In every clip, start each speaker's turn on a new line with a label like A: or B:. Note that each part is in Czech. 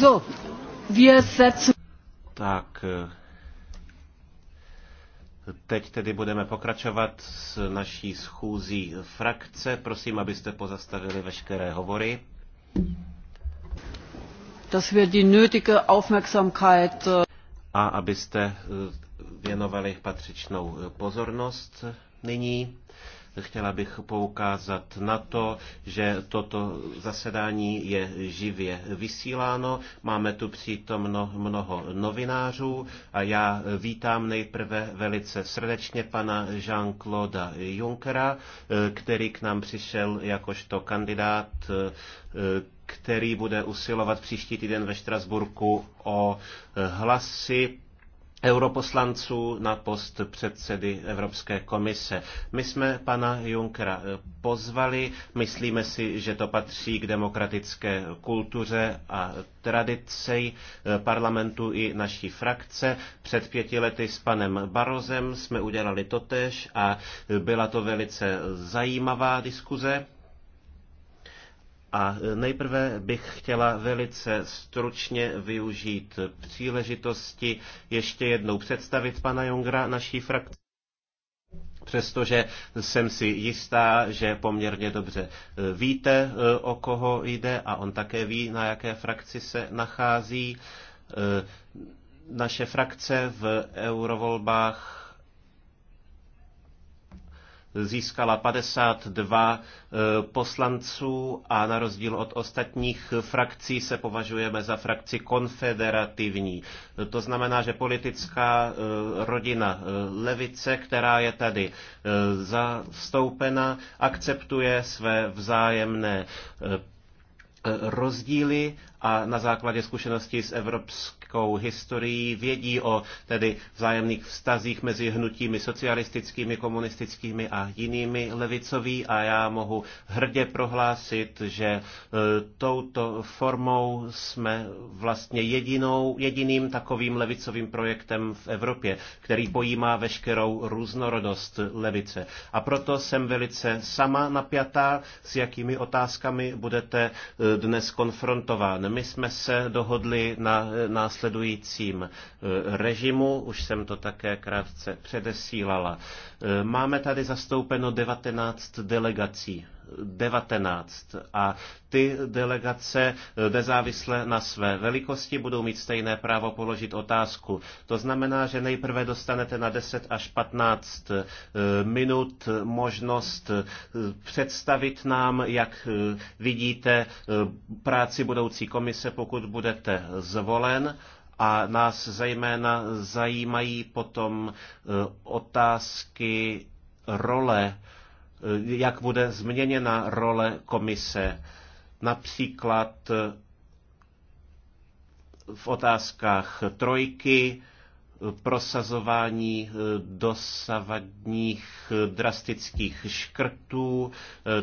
A: So, wir setzen... Tak, eh, Teď tedy budeme pokračovat s naší schůzí frakce. Prosím, abyste pozastavili veškeré hovory.
B: Dass wir die nötige Aufmerksamkeit
A: eh, a abyste eh, věnovali patřičnou pozornost nyní. Chtěla bych poukázat na to, že toto zasedání je živě vysíláno. Máme tu přítomno mnoho novinářů a já vítám nejprve velice srdečně pana Jean-Claude Junckera, který k nám přišel jakožto kandidát který bude usilovat příští týden ve Štrasburku o hlasy europoslanců na post předsedy Evropské komise. My jsme pana Junkera eh, pozvali, myslíme si, že to patří k demokratické kultuře a tradici eh, parlamentu i naší frakce. Před pěti lety s panem Barozem jsme udělali totež a byla to velice zajímavá diskuze. A e, nejprve bych chtěla velice stručně využít příležitosti ještě jednou představit pana Jongra naší frakci přestože jsem si jistá, že poměrně dobře e, víte, e, o koho jde a on také ví, na jaké frakci se nachází. Naše frakce v eurovolbách získala 52 eh, poslanců a na rozdíl od ostatních frakcí se považujeme za frakci konfederativní. To znamená, že politická eh, rodina eh, levice, která je tady zastoupena, akceptuje své vzájemné rozdíly a na základě zkušeností s Evropskou krátkou historií, vědí o tedy vzájemných vztazích mezi hnutími socialistickými, komunistickými a jinými levicoví a já mohu hrdě prohlásit, že e, touto formou jsme vlastně jedinou, jediným takovým levicovým projektem v Evropě, který pojímá veškerou různorodost levice. A proto jsem velice sama napjatá, s jakými otázkami budete e, dnes konfrontován. My jsme se dohodli na e, následující následujícím eh, režimu, už jsem to také krátce předesílala. Eh, máme tady zastoupeno 19 delegací 19. A ty delegace nezávisle na své velikosti budou mít stejné právo položit otázku. To znamená, že nejprve dostanete na 10 až 15 eh, minut možnost eh, představit nám, jak eh, vidíte práci budoucí komise, pokud budete zvolen a nás zejména zajímají potom otázky role Eh, jak bude změněna role komise, například eh, v otázkách trojky, eh, prosazování dosavadních drastických škrtů,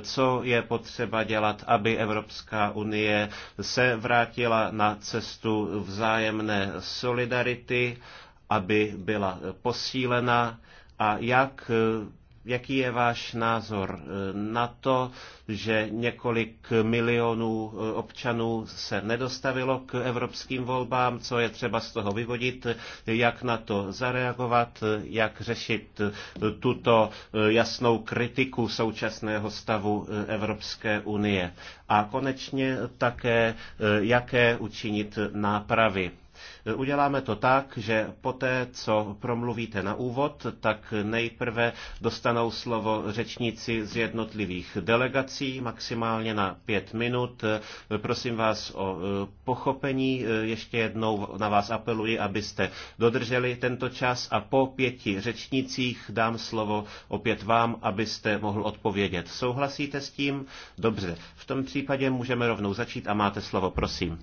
A: co je potřeba dělat, aby Evropská unie se vrátila na cestu vzájemné solidarity, aby byla posílena a jak Jaký je váš názor eh, na to, že několik milionů eh, občanů se nedostavilo k evropským volbám, co je třeba z toho vyvodit, jak na to zareagovat, jak řešit eh, tuto jasnou kritiku současného stavu Evropské unie a konečně také, jaké učinit nápravy Uděláme to tak, že poté, co promluvíte na úvod, tak nejprve dostanou slovo řečníci z jednotlivých delegací, maximálně na pět minut. Prosím vás o e, pochopení. E, ještě jednou na vás apeluji, abyste dodrželi tento čas a po pěti řečnicích dám slovo opět vám, abyste mohl odpovědět. Souhlasíte s tím? Dobře. V tom případě můžeme rovnou začít a máte slovo, prosím.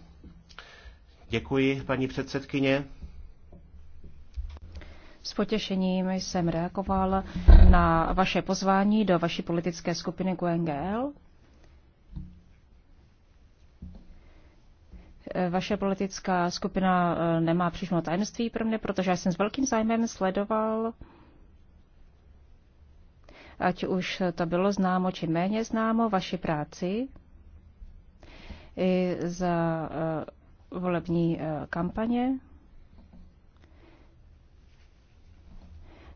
A: Děkuji, paní předsedkyně.
C: S potěšením jsem reagoval na vaše pozvání do vaší politické skupiny QNGL. Vaše politická skupina eh, nemá příšnou tajemství pro mě, protože já jsem s velkým zájmem sledoval, ať už to bylo známo či méně známo, vaši práci i za eh, volební eh, kampaně.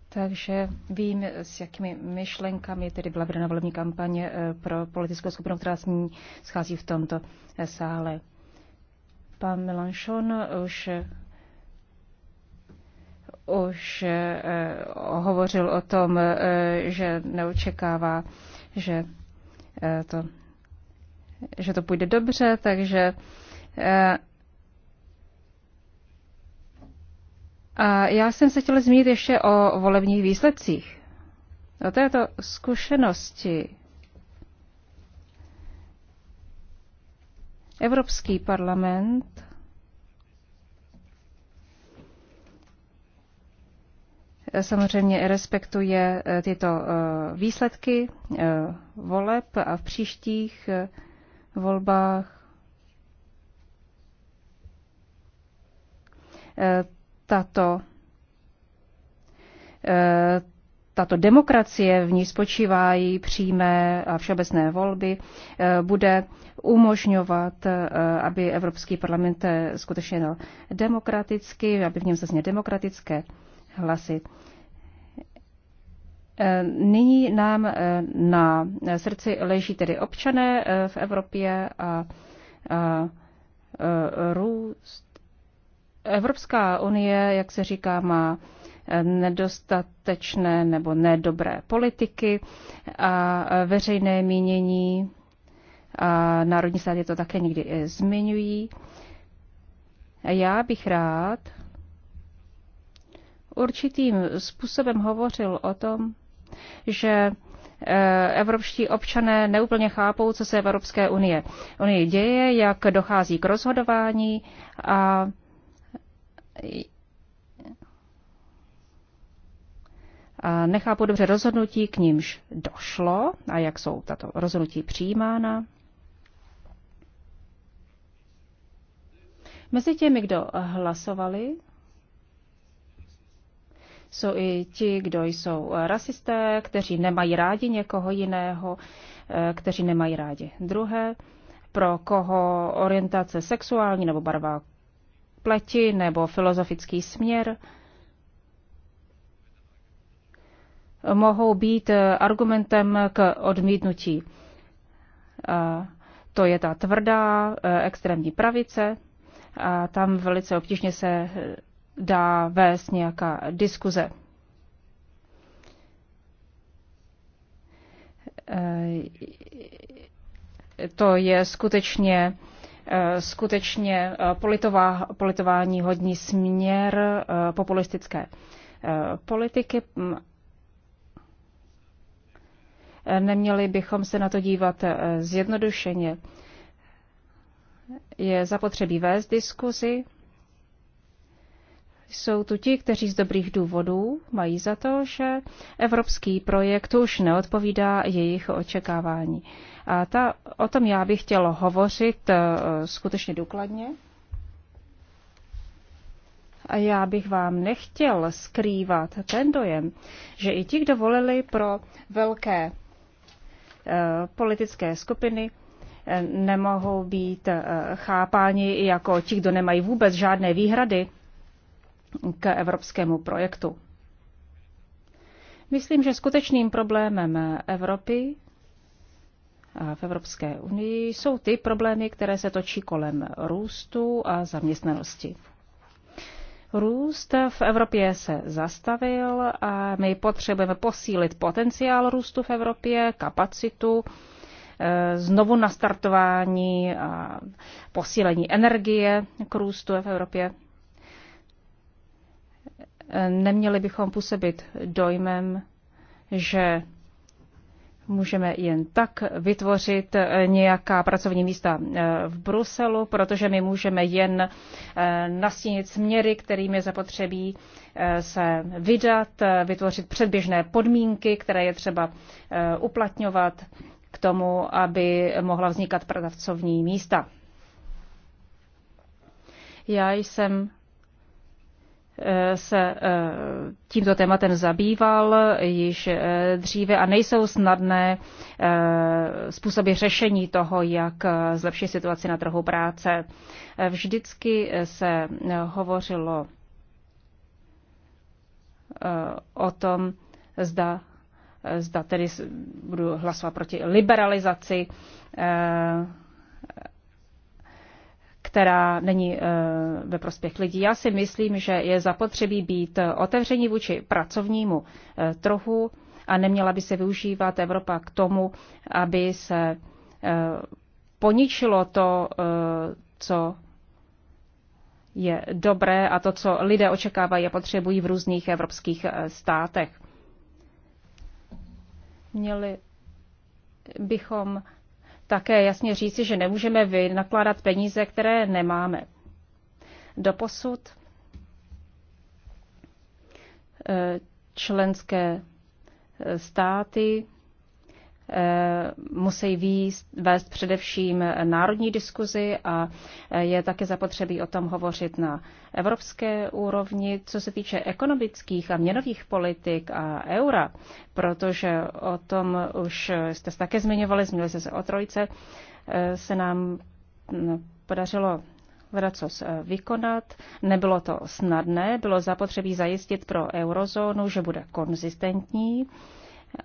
C: Takže vím, s jakými myšlenkami tedy byla vedena volební kampaně eh, pro politickou skupinu, která s ní schází v tomto eh, sále. Pan Melanchon už, už hovořil o tom, že neočekává, že to, že to půjde dobře, takže A já jsem se chtěla zmínit ještě o volebních výsledcích. O této zkušenosti Evropský parlament samozřejmě respektuje eh, tyto eh, výsledky eh, voleb a v příštích volbách tato, eh, tato demokracie, v ní spočívají přímé a všeobecné volby, eh, bude umožňovat, eh, aby Evropský parlament skutečně dal demokraticky, aby v něm zazněly demokratické hlasy. Nyní nám na srdci leží tedy občané v Evropě a, a, a růst Evropská unie, jak se říká, má eh, nedostatečné nebo nedobré politiky a eh, veřejné mínění. A národní státy to také někdy eh, zmiňují. Já bych rád určitým způsobem hovořil o tom, že evropští občané neúplně chápou, co se Evropské unie, unie děje, jak dochází k rozhodování a a nechápu dobře rozhodnutí, k nímž došlo a jak jsou tato rozhodnutí přijímána. Mezi těmi, kdo hlasovali, jsou i ti, kdo jsou rasisté, kteří nemají rádi někoho jiného, eh, kteří nemají rádi druhé, pro koho orientace sexuální nebo barva pleti nebo filozofický směr mohou být argumentem k odmítnutí. To je ta tvrdá e, extrémní pravice a tam velice obtížně se dá vést nějaká diskuze. E, to je skutečně Eh, skutečně eh, politová, politování hodní směr eh, populistické politiky. Mm. Neměli bychom se na to dívat zjednodušeně. Je zapotřebí vést diskuzi. Jsou tu ti, kteří z dobrých důvodů mají za to, že evropský projekt už neodpovídá jejich očekávání. A ta, o tom já bych chtěla hovořit eh, skutečně důkladně. A já bych vám nechtěl skrývat ten dojem, že i ti, kdo volili pro velké eh, politické skupiny, eh, nemohou být chápáni jako ti, kdo nemají vůbec žádné výhrady k evropskému projektu. Myslím, že skutečným problémem Evropy v Evropské unii jsou ty problémy, které se točí kolem růstu a zaměstnanosti. Růst v Evropě se zastavil a my potřebujeme posílit potenciál růstu v Evropě, kapacitu, e, znovu nastartování a posílení energie k růstu v Evropě. E, neměli bychom působit dojmem, že můžeme jen tak vytvořit eh, nějaká pracovní místa eh, v Bruselu, protože my můžeme jen eh, nastínit směry, kterým je zapotřebí se vydat, vytvořit předběžné podmínky, které je třeba uplatňovat k tomu, aby mohla vznikat pracovní místa. Já jsem se eh, tímto tématem zabýval již eh, dříve a nejsou snadné eh, způsoby řešení toho, jak zlepšit situaci na trhu práce. Vždycky se hovořilo o tom, zda, zda tedy budu hlasovat proti liberalizaci která není eh, ve prospěch lidí. Já si myslím, že je zapotřebí být eh, otevření vůči pracovnímu eh, trhu a neměla by se využívat Evropa k tomu, aby se poničilo to, co je dobré a to, co lidé očekávají a potřebují v různých evropských státech. Měli bychom také jasně říci, že nemůžeme vynakládat peníze, které nemáme. Doposud eh, členské eh, státy Eh, musí výst, vést především národní diskuzi a eh, je také zapotřebí o tom hovořit na evropské úrovni, co se týče ekonomických a měnových politik a eura, protože o tom už jste se také zmiňovali, zmiňovali jste se o trojce, eh, se nám hm, podařilo co vykonat. Nebylo to snadné, bylo zapotřebí zajistit pro eurozónu, že bude konzistentní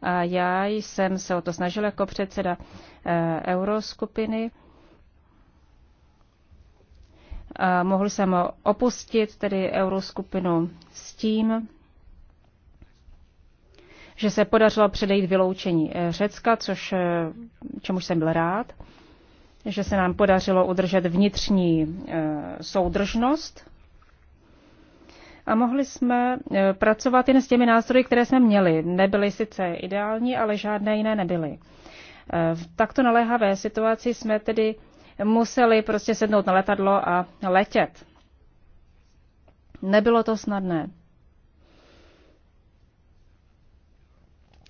C: a já jsem se o to snažil jako předseda eh, euroskupiny. A mohl jsem opustit tedy euroskupinu s tím, že se podařilo předejít vyloučení eh, Řecka, což, eh, čemuž jsem byl rád, že se nám podařilo udržet vnitřní soudržnost a mohli jsme e, pracovat jen s těmi nástroji, které jsme měli. Nebyly sice ideální, ale žádné jiné nebyly. E, v takto naléhavé situaci jsme tedy museli prostě sednout na letadlo a letět. Nebylo to snadné.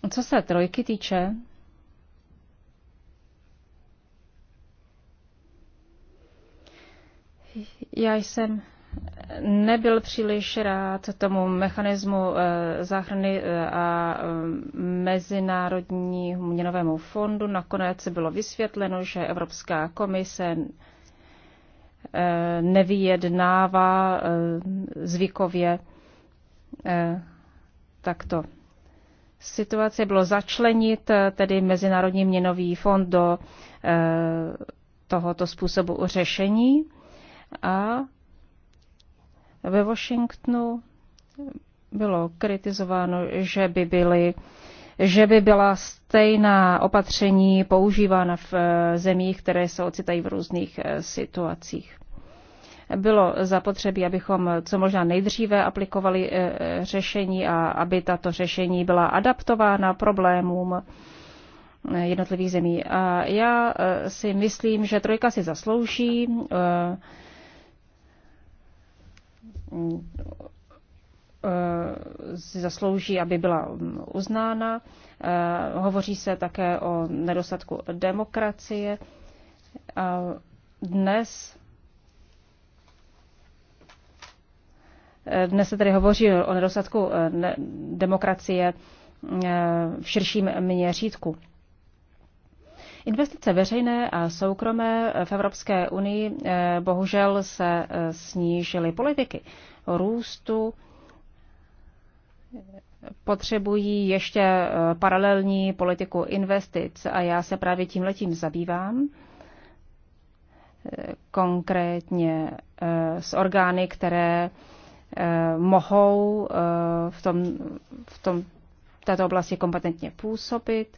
C: Co se trojky týče, já jsem nebyl příliš rád tomu mechanismu eh, záchrany eh, a eh, Mezinárodní měnovému fondu. Nakonec bylo vysvětleno, že Evropská komise nevyjednává zvykově takto. Situace bylo začlenit tedy Mezinárodní měnový fond do tohoto způsobu řešení a ve Washingtonu bylo kritizováno, že by byly že by byla stejná opatření používána v eh, zemích, které se ocitají v různých eh, situacích. Bylo zapotřebí, abychom co možná nejdříve aplikovali eh, řešení a aby tato řešení byla adaptována problémům jednotlivých zemí. A já si myslím, že trojka si zaslouží Eh, si zaslouží, aby byla mm, uznána. Eh, hovoří se také o nedostatku demokracie. A dnes eh, Dnes se tedy hovoří o nedostatku demokracie v širším měřítku. Investice veřejné a soukromé v Evropské unii eh, bohužel se eh, snížily politiky růstu, eh, potřebují ještě paralelní politiku investic a já se právě tím letím zabývám, konkrétně s orgány, které mohou v, tom, v tom, této oblasti kompetentně působit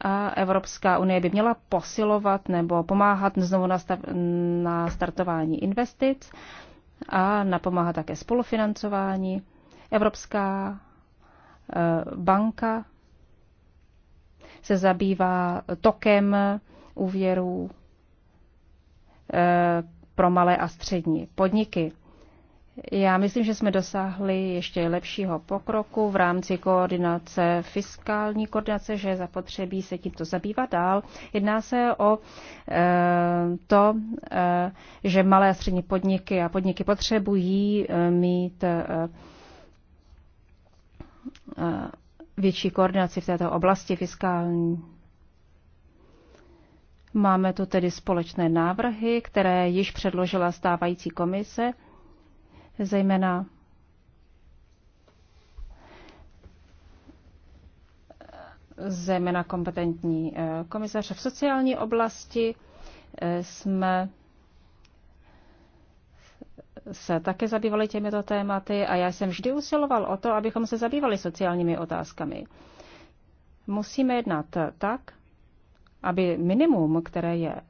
C: a Evropská unie by měla posilovat nebo pomáhat znovu na, stav, na startování investic a napomáhat také spolufinancování. Evropská eh, banka se zabývá tokem úvěrů eh, pro malé a střední podniky. Já myslím, že jsme dosáhli ještě lepšího pokroku v rámci koordinace, fiskální koordinace, že je zapotřebí se tímto zabývat dál. Jedná se o e, to, e, že malé a střední podniky a podniky potřebují e, mít e, větší koordinaci v této oblasti fiskální. Máme tu tedy společné návrhy, které již předložila stávající komise zejména zejména kompetentní eh, komisaře. V sociální oblasti eh, jsme se také zabývali těmito tématy a já jsem vždy usiloval o to, abychom se zabývali sociálními otázkami. Musíme jednat tak, aby minimum, které je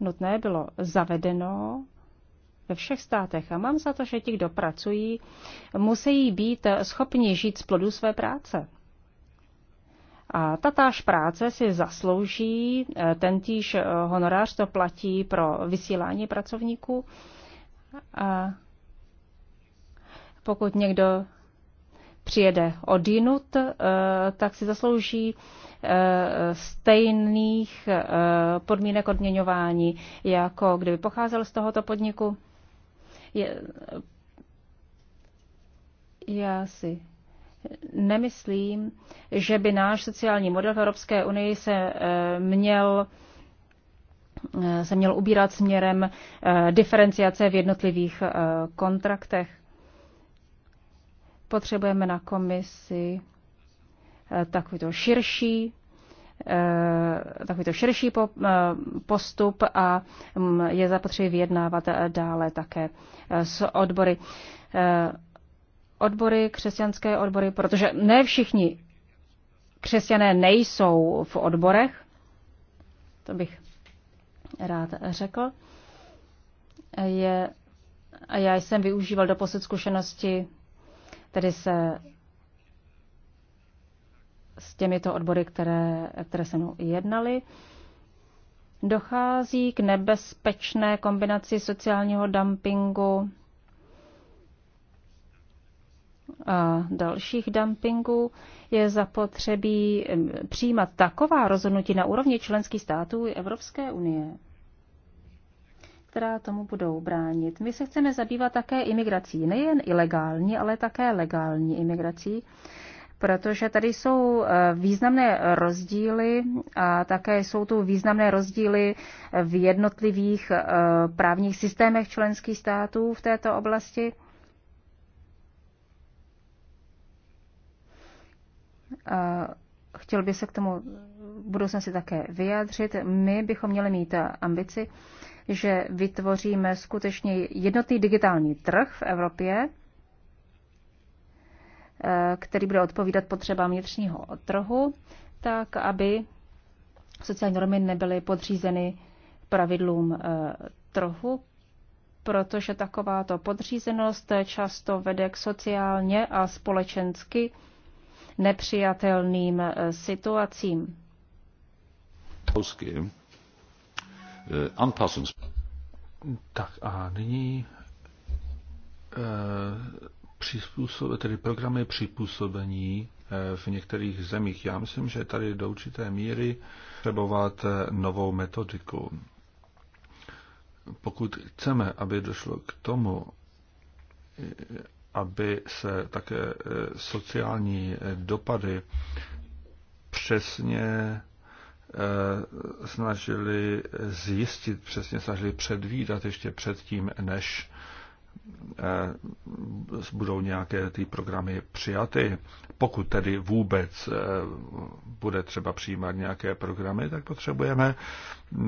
C: nutné, bylo zavedeno ve všech státech. A mám za to, že ti, kdo pracují, musí být schopni žít z plodu své práce. A tatáž práce si zaslouží, eh, tentýž eh, honorář to platí pro vysílání pracovníků. A pokud někdo přijede odinut, eh, tak si zaslouží stejných podmínek odměňování, jako kdyby pocházel z tohoto podniku. Je, já si nemyslím, že by náš sociální model v Evropské unii se eh, měl eh, se měl ubírat směrem eh, diferenciace v jednotlivých kontraktech. Potřebujeme na komisi takovýto širší Eh, to širší eh, postup a mm, je zapotřebí vyjednávat dále také eh, s odbory. Odbory, křesťanské odbory, protože ne všichni křesťané nejsou v odborech, to bych rád řekl. Je, a já jsem využíval doposud zkušenosti tedy se s těmito odbory, které, které se mnou jednali. Dochází k nebezpečné kombinaci sociálního dumpingu a dalších dumpingů. Je zapotřebí přijímat taková rozhodnutí na úrovni členských států i Evropské unie, která tomu budou bránit. My se chceme zabývat také imigrací, nejen ilegální, ale také legální imigrací protože tady jsou eh, významné rozdíly a také jsou tu významné rozdíly eh, v jednotlivých eh, právních systémech členských států v této oblasti. Chtěl bych se k tomu si také vyjádřit. My bychom měli mít ambici, že vytvoříme skutečně jednotný digitální trh v Evropě, který bude odpovídat potřebám vnitřního trhu, tak aby sociální normy nebyly podřízeny pravidlům eh, trhu, protože takováto podřízenost často vede k sociálně a společensky nepřijatelným eh, situacím.
B: Eh, tak a nyní přizpůsob, tedy programy připůsobení eh, v některých zemích. Já myslím, že tady do určité míry trebovat eh, novou metodiku. Pokud chceme, aby došlo k tomu, eh, aby se také sociální dopady přesně snažili zjistit, přesně snažili předvídat ještě předtím, než Eh, budou nějaké ty programy přijaty. Pokud tedy vůbec eh, bude třeba přijímat nějaké programy, tak potřebujeme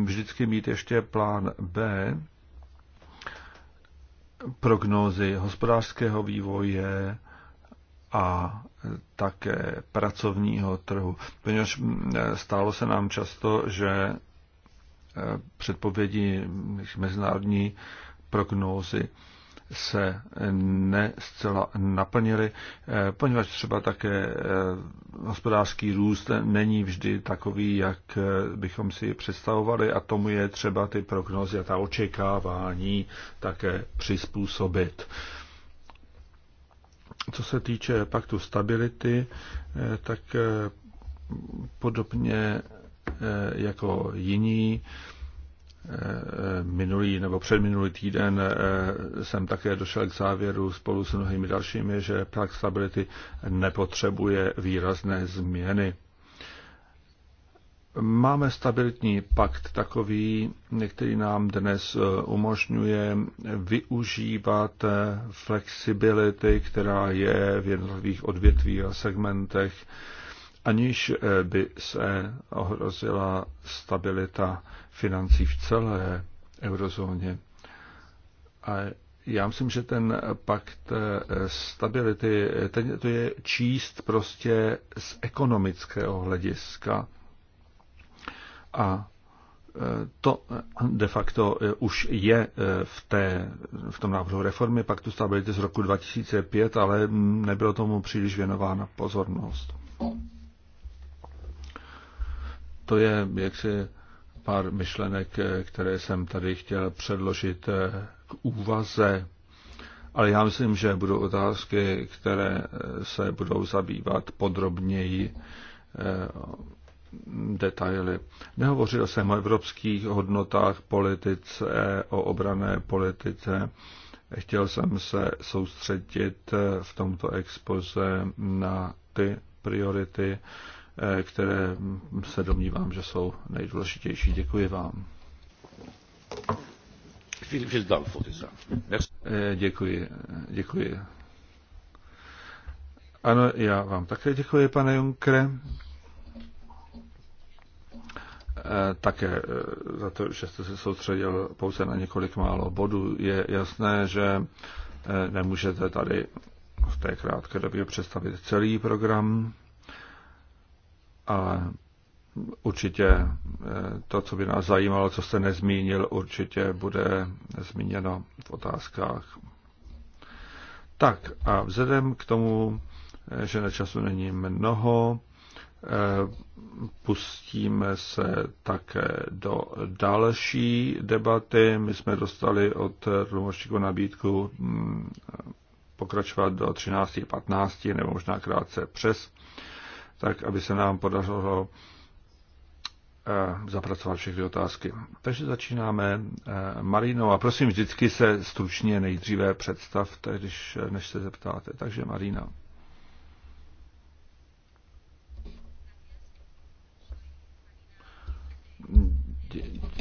B: vždycky mít ještě plán B, prognózy hospodářského vývoje a také pracovního trhu. Poněvadž eh, stálo se nám často, že předpovědi mezinárodní prognózy se ne zcela naplnily, eh, poněvadž třeba také eh, hospodářský růst není vždy takový, jak eh, bychom si představovali a tomu je třeba ty prognozy a ta očekávání také přizpůsobit. Co se týče paktu stability, tak podobně jako jiní, minulý nebo předminulý týden eh, jsem také došel k závěru spolu s mnohými dalšími, že Prax Stability nepotřebuje výrazné změny. Máme stabilitní pakt takový, který nám dnes eh, umožňuje využívat eh, flexibility, která je v jednotlivých odvětvích a segmentech, aniž by se ohrozila stabilita financí v celé eurozóně. A já myslím, že ten pakt eh, stability, ten, to je číst prostě z ekonomického hlediska. A eh, to eh, de facto už je v, té, v tom návrhu reformy paktu stability z roku 2005, ale nebylo tomu příliš věnována pozornost. To je jaksi pár myšlenek, eh, které jsem tady chtěl předložit eh, k úvaze. Ale já myslím, že budou otázky, které eh, se budou zabývat podrobněji detaily. Nehovořil jsem o evropských hodnotách politice, o obrané politice. Chtěl jsem se soustředit v tomto expoze na ty priority, Eh, které se domnívám, že jsou nejdůležitější. Děkuji vám. Eh, děkuji, eh, děkuji. Ano, já vám také děkuji, pane Junkre. Také za to, že jste se soustředil pouze na několik málo bodů. Je jasné, že nemůžete tady v té krátké době představit celý program a určitě eh, to, co by nás zajímalo, co jste nezmínil, určitě bude zmíněno v otázkách. Tak a vzhledem k tomu, eh, že na času není mnoho, eh, pustíme se také do další debaty. My jsme dostali od tlumočníku nabídku mm, pokračovat do 13.15 nebo možná krátce přes tak aby se nám podařilo eh, zapracovat všechny otázky. Takže začínáme eh, Marino a prosím vždycky se stručně nejdříve představte, když, eh, než se zeptáte. Takže Marina.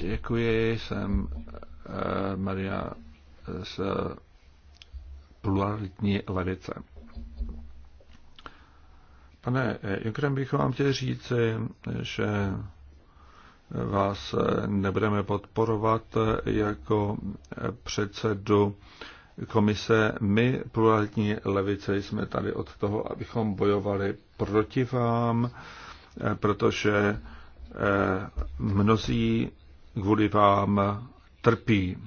B: děkuji, jsem Maria z pluralitní levice. Pane Jokrem, bych vám chtěl říci, že vás nebudeme podporovat jako předsedu komise. My, pluralitní levice, jsme tady od toho, abychom bojovali proti vám, protože eh, mnozí kvůli vám trpí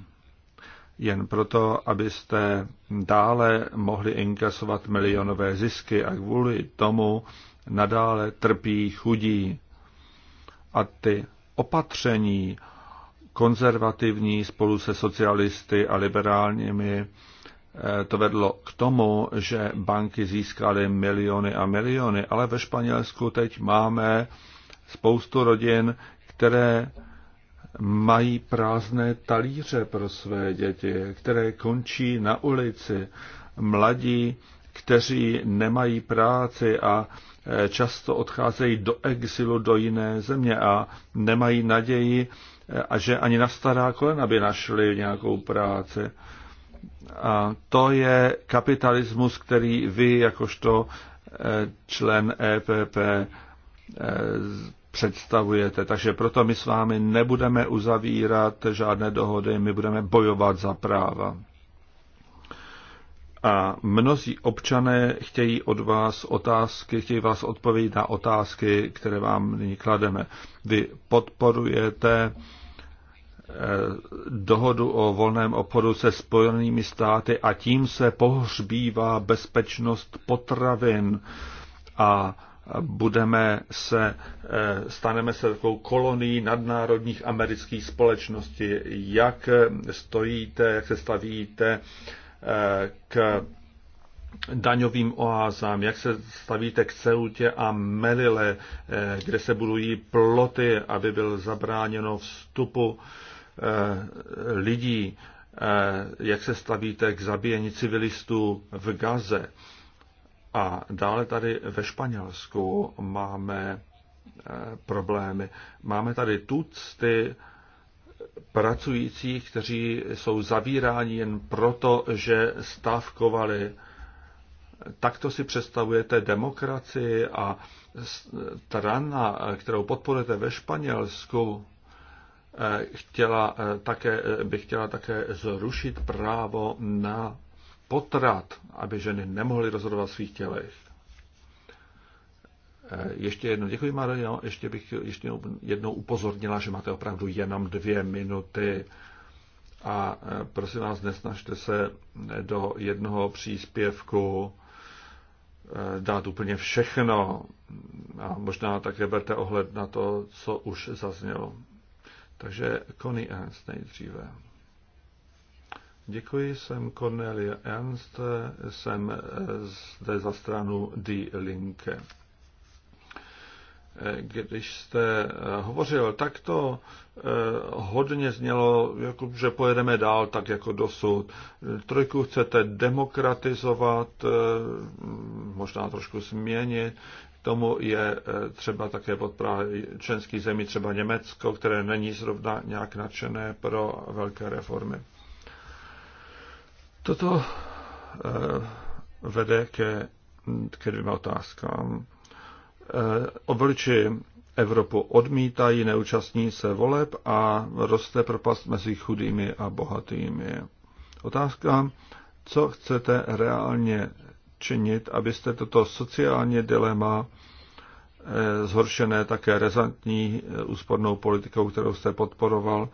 B: jen proto, abyste dále mohli inkasovat milionové zisky a kvůli tomu nadále trpí chudí. A ty opatření konzervativní spolu se socialisty a liberálními eh, to vedlo k tomu, že banky získaly miliony a miliony, ale ve Španělsku teď máme spoustu rodin, které mají prázdné talíře pro své děti, které končí na ulici, mladí, kteří nemají práci a e, často odcházejí do exilu do jiné země a nemají naději, e, a že ani na stará kolena by našli nějakou práci. A to je kapitalismus, který vy jakožto e, člen EPP představujete. Takže proto my s vámi nebudeme uzavírat žádné dohody, my budeme bojovat za práva. A mnozí občané chtějí od vás otázky, chtějí vás odpovědět na otázky, které vám nyní klademe. Vy podporujete eh, dohodu o volném obchodu se Spojenými státy a tím se pohřbívá bezpečnost potravin a budeme se, eh, staneme se takovou kolonií nadnárodních amerických společností. Jak stojíte, jak se stavíte eh, k daňovým oázám, jak se stavíte k Ceutě a Melile, eh, kde se budují ploty, aby byl zabráněno vstupu lidí, jak se stavíte k zabíjení civilistů v Gaze a dále tady ve Španělsku máme eh, problémy. Máme tady tucty pracujících, kteří jsou zavíráni jen proto, že stávkovali. Takto si představujete demokracii a strana, kterou podporujete ve Španělsku, eh, chtěla eh, také, by chtěla také zrušit právo na potrat, aby ženy nemohly rozhodovat svých tělech. Eh, ještě jednou děkuji, Marino. Ještě bych ještě jednou upozornila, že máte opravdu jenom dvě minuty. A eh, prosím vás, nesnažte se do jednoho příspěvku eh, dát úplně všechno. A možná také berte ohled na to, co už zaznělo. Takže Connie Ernst nejdříve. Děkuji, jsem Cornelia Ernst, jsem eh, zde za stranu Die Linke. Eh, když jste eh, hovořil takto, hodně znělo, jako, že pojedeme dál tak jako dosud. Trojku chcete demokratizovat, možná trošku změnit. Tomu je třeba také podpravit členský zemí, třeba Německo, které není zrovna nějak nadšené pro velké reformy. Toto eh, vede ke, ke dvěma otázkám. Eh, obliči Evropu odmítají, neúčastní se voleb a roste propast mezi chudými a bohatými. Otázka, co chcete reálně činit, abyste toto sociálně dilema eh, zhoršené také rezantní úspornou politikou, kterou jste podporoval,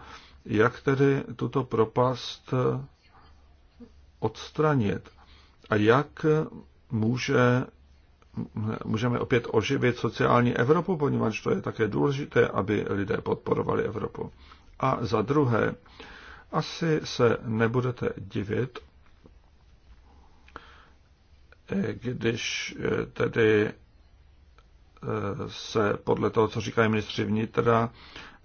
B: jak tedy tuto propast odstranit a jak může, můžeme opět oživit sociální Evropu, poněvadž to je také důležité, aby lidé podporovali Evropu. A za druhé, asi se nebudete divit, když tedy se podle toho, co říkají ministři vnitra,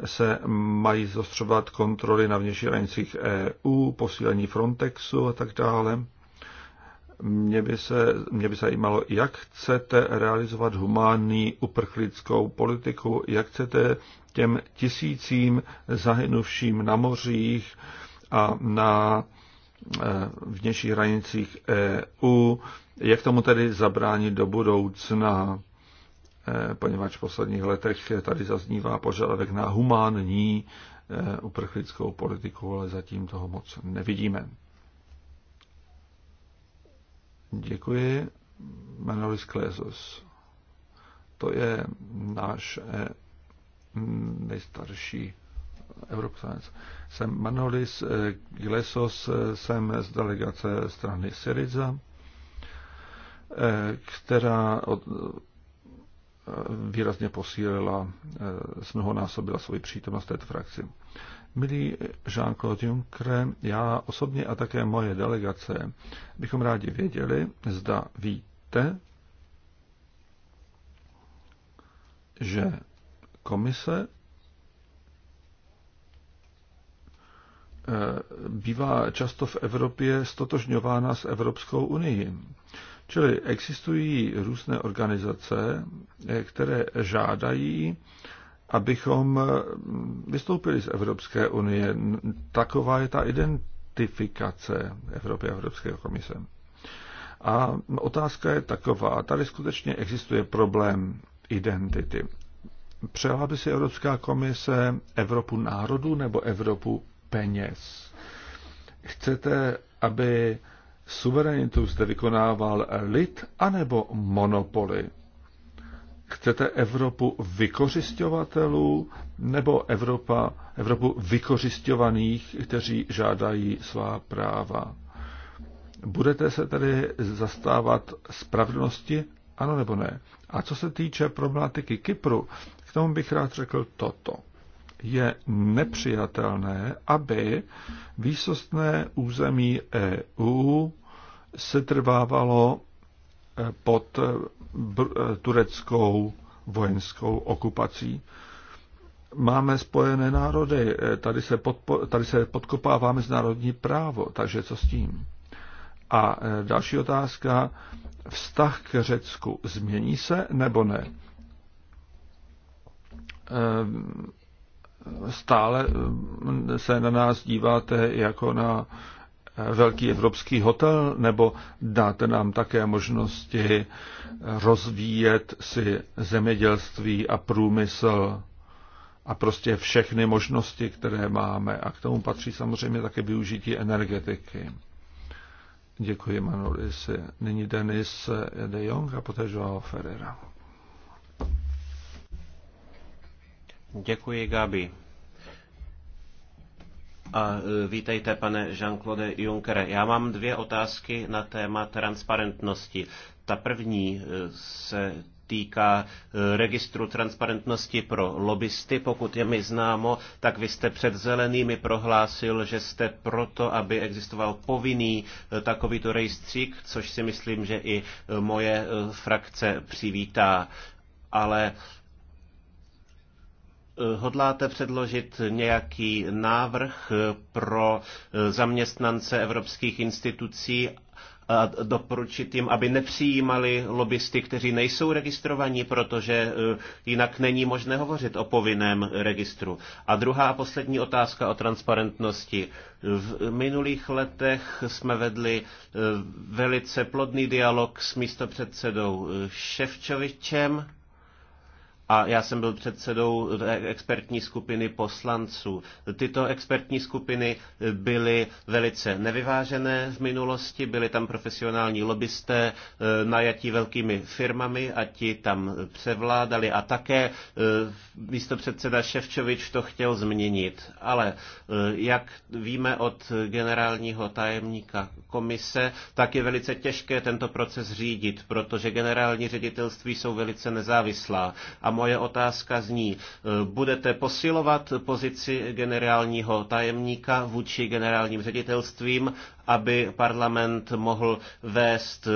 B: se mají zostřovat kontroly na vnějších hranicích EU, posílení Frontexu a tak dále. Mě by, se, mě by zajímalo, jak chcete realizovat humánní uprchlickou politiku, jak chcete těm tisícím zahynuvším na mořích a na e, vnějších hranicích EU, jak tomu tedy zabránit do budoucna Eh, poněvadž v posledních letech tady zaznívá požadavek na humánní eh, uprchlickou politiku, ale zatím toho moc nevidíme. Děkuji. Manolis Klézos. To je náš eh, nejstarší europoslanec. Jsem Manolis Glesos, jsem z delegace strany Syriza, která od, výrazně posílila, eh, mnohonásobila svoji přítomnost této frakci. Milý Jean-Claude Juncker, já osobně a také moje delegace bychom rádi věděli, zda víte, že komise eh, bývá často v Evropě stotožňována s Evropskou unii. Čili existují různé organizace, eh, které žádají, abychom mm, vystoupili z Evropské unie. Taková je ta identifikace Evropy a Evropské komise. A otázka je taková, tady skutečně existuje problém identity. Přela by si Evropská komise Evropu národů nebo Evropu peněz? Chcete, aby Suverenitu zde vykonával lid anebo monopoly? Chcete Evropu vykořišťovatelů nebo Evropa, Evropu vykořišťovaných, kteří žádají svá práva? Budete se tedy zastávat spravedlnosti, ano nebo ne? A co se týče problematiky Kypru, k tomu bych rád řekl toto je nepřijatelné, aby výsostné území EU setrvávalo eh, pod eh, eh, tureckou vojenskou okupací. Máme spojené národy, tady se, podpo, tady se podkopává mezinárodní právo, takže co s tím? A další otázka, vztah k Řecku změní se nebo ne? Ehm, stále eh, se na nás díváte jako na eh, velký evropský hotel, nebo dáte nám také možnosti rozvíjet si zemědělství a průmysl a prostě všechny možnosti, které máme. A k tomu patří samozřejmě také využití energetiky. Děkuji Manolisi. Nyní Denis eh, de Jong a poté Joao Ferreira.
A: Děkuji, Gabi. A e, vítejte, pane Jean-Claude Junckere. Já mám dvě otázky na téma transparentnosti. Ta první e, se týká e, registru transparentnosti pro lobbysty. Pokud je mi známo, tak vy jste před zelenými prohlásil, že jste proto, aby existoval povinný takovýto rejstřík, což si myslím, že i moje frakce přivítá. Ale hodláte předložit nějaký návrh pro eh, zaměstnance evropských institucí a doporučit jim, aby nepřijímali lobbysty, kteří nejsou registrovaní, protože eh, jinak není možné hovořit o povinném registru. A druhá a poslední otázka o transparentnosti. V minulých letech jsme vedli eh, velice plodný dialog s místopředsedou Ševčovičem a já jsem byl předsedou expertní skupiny poslanců. Tyto expertní skupiny byly velice nevyvážené v minulosti, byli tam profesionální lobbysté e, najatí velkými firmami a ti tam převládali a také e, místo předseda Ševčovič to chtěl změnit. Ale e, jak víme od generálního tajemníka komise, tak je velice těžké tento proces řídit, protože generální ředitelství jsou velice nezávislá a moje otázka zní, eh, budete posilovat pozici generálního tajemníka vůči generálním ředitelstvím, aby parlament mohl vést eh,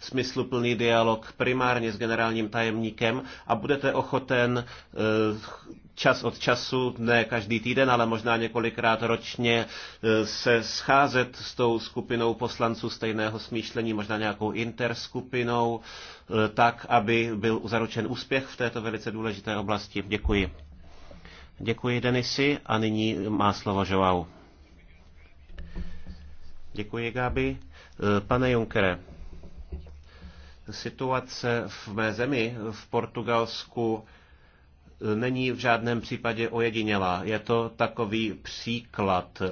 A: smysluplný dialog primárně s generálním tajemníkem a budete ochoten eh, čas od času, ne každý týden, ale možná několikrát ročně e, se scházet s tou skupinou poslanců stejného smýšlení, možná nějakou interskupinou, e, tak, aby byl zaručen úspěch v této velice důležité oblasti. Děkuji. Děkuji Denisi a nyní má slovo Joao. Děkuji, Gáby. E, pane Junkere, situace v mé zemi, v Portugalsku, není v žádném případě ojedinělá. Je to takový příklad.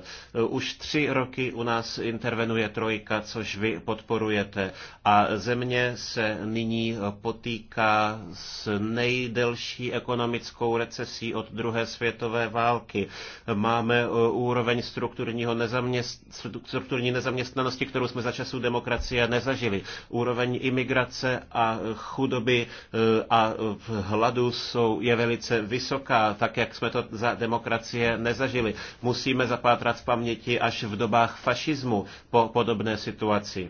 A: Už tři roky u nás intervenuje trojka, což vy podporujete. A země se nyní potýká s nejdelší ekonomickou recesí od druhé světové války. Máme eh, úroveň strukturního nezaměst... strukturní nezaměstnanosti, kterou jsme za časů demokracie nezažili. Úroveň imigrace a chudoby eh, a hladu jsou je velice velice vysoká, tak jak jsme to za demokracie nezažili. Musíme zapátrat v paměti až v dobách fašismu po podobné situaci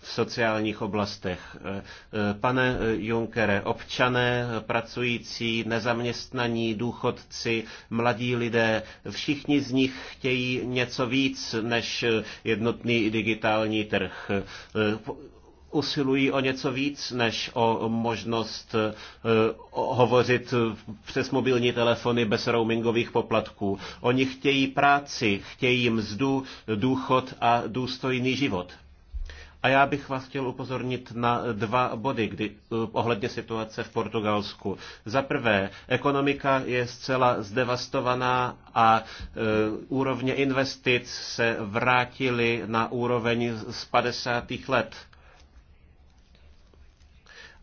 A: v sociálních oblastech. E, e, pane Junkere, občané, pracující, nezaměstnaní, důchodci, mladí lidé, všichni z nich chtějí něco víc než jednotný digitální trh. E, usilují o něco víc než o možnost eh, hovořit přes mobilní telefony bez roamingových poplatků. Oni chtějí práci, chtějí mzdu, důchod a důstojný život. A já bych vás chtěl upozornit na dva body kdy, eh, ohledně situace v Portugalsku. Za prvé, ekonomika je zcela zdevastovaná a e, úrovně investic se vrátily na úroveň z 50. let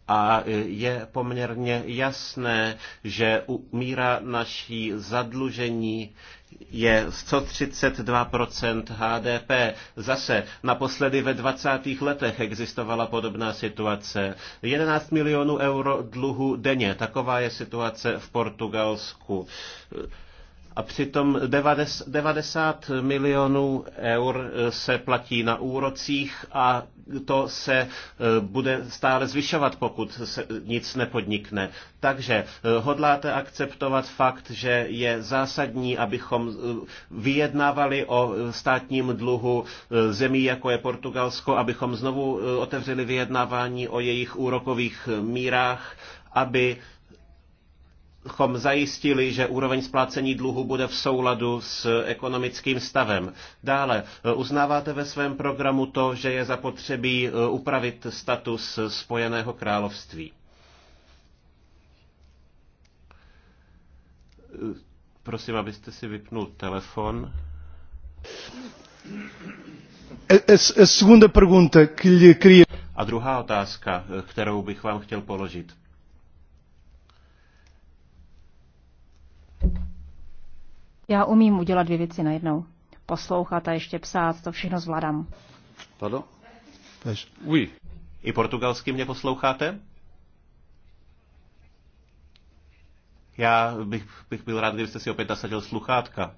A: a je poměrně jasné, že míra naší zadlužení je 132% HDP. Zase naposledy ve 20. letech existovala podobná situace. 11 milionů euro dluhu denně. Taková je situace v Portugalsku a přitom 90 milionů eur se platí na úrocích a to se eh, bude stále zvyšovat, pokud se nic nepodnikne. Takže eh, hodláte akceptovat fakt, že je zásadní, abychom eh, vyjednávali o státním dluhu zemí, jako je Portugalsko, abychom znovu otevřeli vyjednávání o jejich úrokových mírách, aby abychom zajistili, že úroveň splácení dluhu bude v souladu s ekonomickým stavem. Dále, uznáváte ve svém programu to, že je zapotřebí e, upravit status Spojeného království. E, prosím, abyste si vypnul telefon. E, A druhá otázka, kterou bych vám chtěl položit.
C: Já umím udělat dvě věci najednou. Poslouchat a ještě psát, to všechno zvládám.
A: Pardon? Oui. I portugalsky mě posloucháte? Já bych, bych byl rád, kdybyste si opět nasadil sluchátka.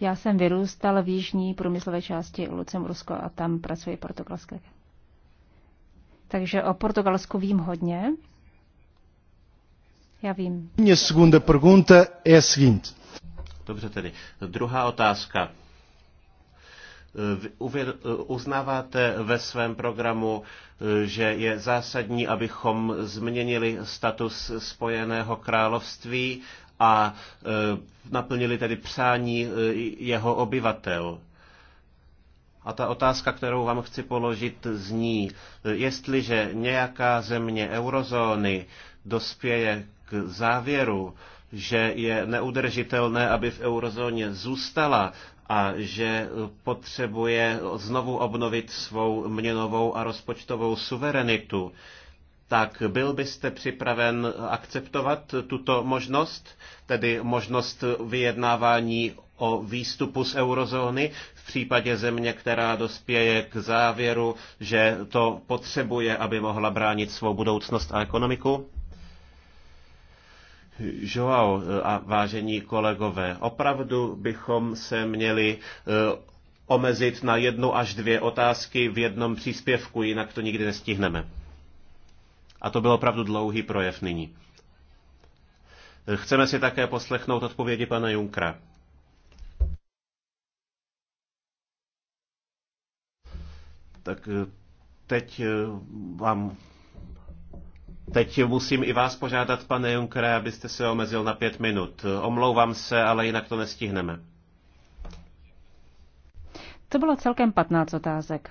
C: Já jsem vyrůstal v jižní průmyslové části Lucembursko a tam pracuji portugalské. Takže o Portugalsku vím hodně,
A: já vím. Mě segunda pergunta je seguinte. Dobře tedy. Druhá otázka. Uznáváte ve svém programu, že je zásadní, abychom změnili status Spojeného království a e, naplnili tedy přání e, jeho obyvatel. A ta otázka, kterou vám chci položit, zní, jestliže nějaká země eurozóny dospěje k závěru, že je neudržitelné, aby v eurozóně zůstala a že potřebuje znovu obnovit svou měnovou a rozpočtovou suverenitu, tak byl byste připraven akceptovat tuto možnost, tedy možnost vyjednávání o výstupu z eurozóny v případě země, která dospěje k závěru, že to potřebuje, aby mohla bránit svou budoucnost a ekonomiku? Joao eh, a vážení kolegové, opravdu bychom se měli eh, omezit na jednu až dvě otázky v jednom příspěvku, jinak to nikdy nestihneme. A to byl opravdu dlouhý projev nyní. Chceme si také poslechnout odpovědi pana Junkra. Tak eh, teď vám Teď musím i vás požádat, pane Junkere, abyste se omezil na pět minut. Omlouvám se, ale jinak to nestihneme.
C: To bylo celkem 15 otázek.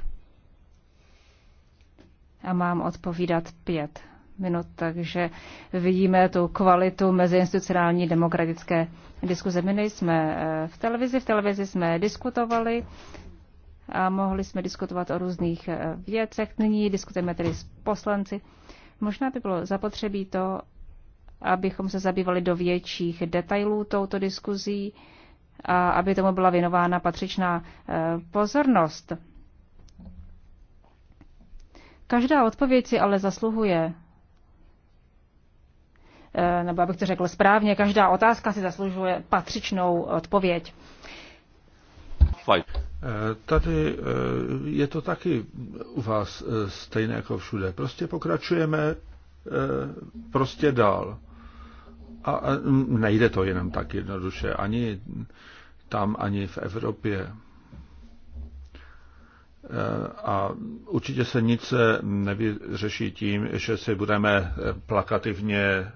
C: A mám odpovídat pět minut, takže vidíme tu kvalitu meziinstitucionální demokratické diskuze. My nejsme eh, v televizi, v televizi jsme diskutovali a mohli jsme diskutovat o různých eh, věcech. Nyní diskutujeme tedy s poslanci. Možná by bylo zapotřebí to, abychom se zabývali do větších detailů touto diskuzí a aby tomu byla věnována patřičná eh, pozornost. Každá odpověď si ale zasluhuje, eh, nebo abych to řekl správně, každá otázka si zaslužuje patřičnou odpověď.
B: Eh, tady eh, je to taky u vás eh, stejné jako všude. Prostě pokračujeme prostě dál. A nejde to jenom tak jednoduše, ani tam, ani v Evropě. A určitě se nic nevyřeší tím, že si budeme plakativně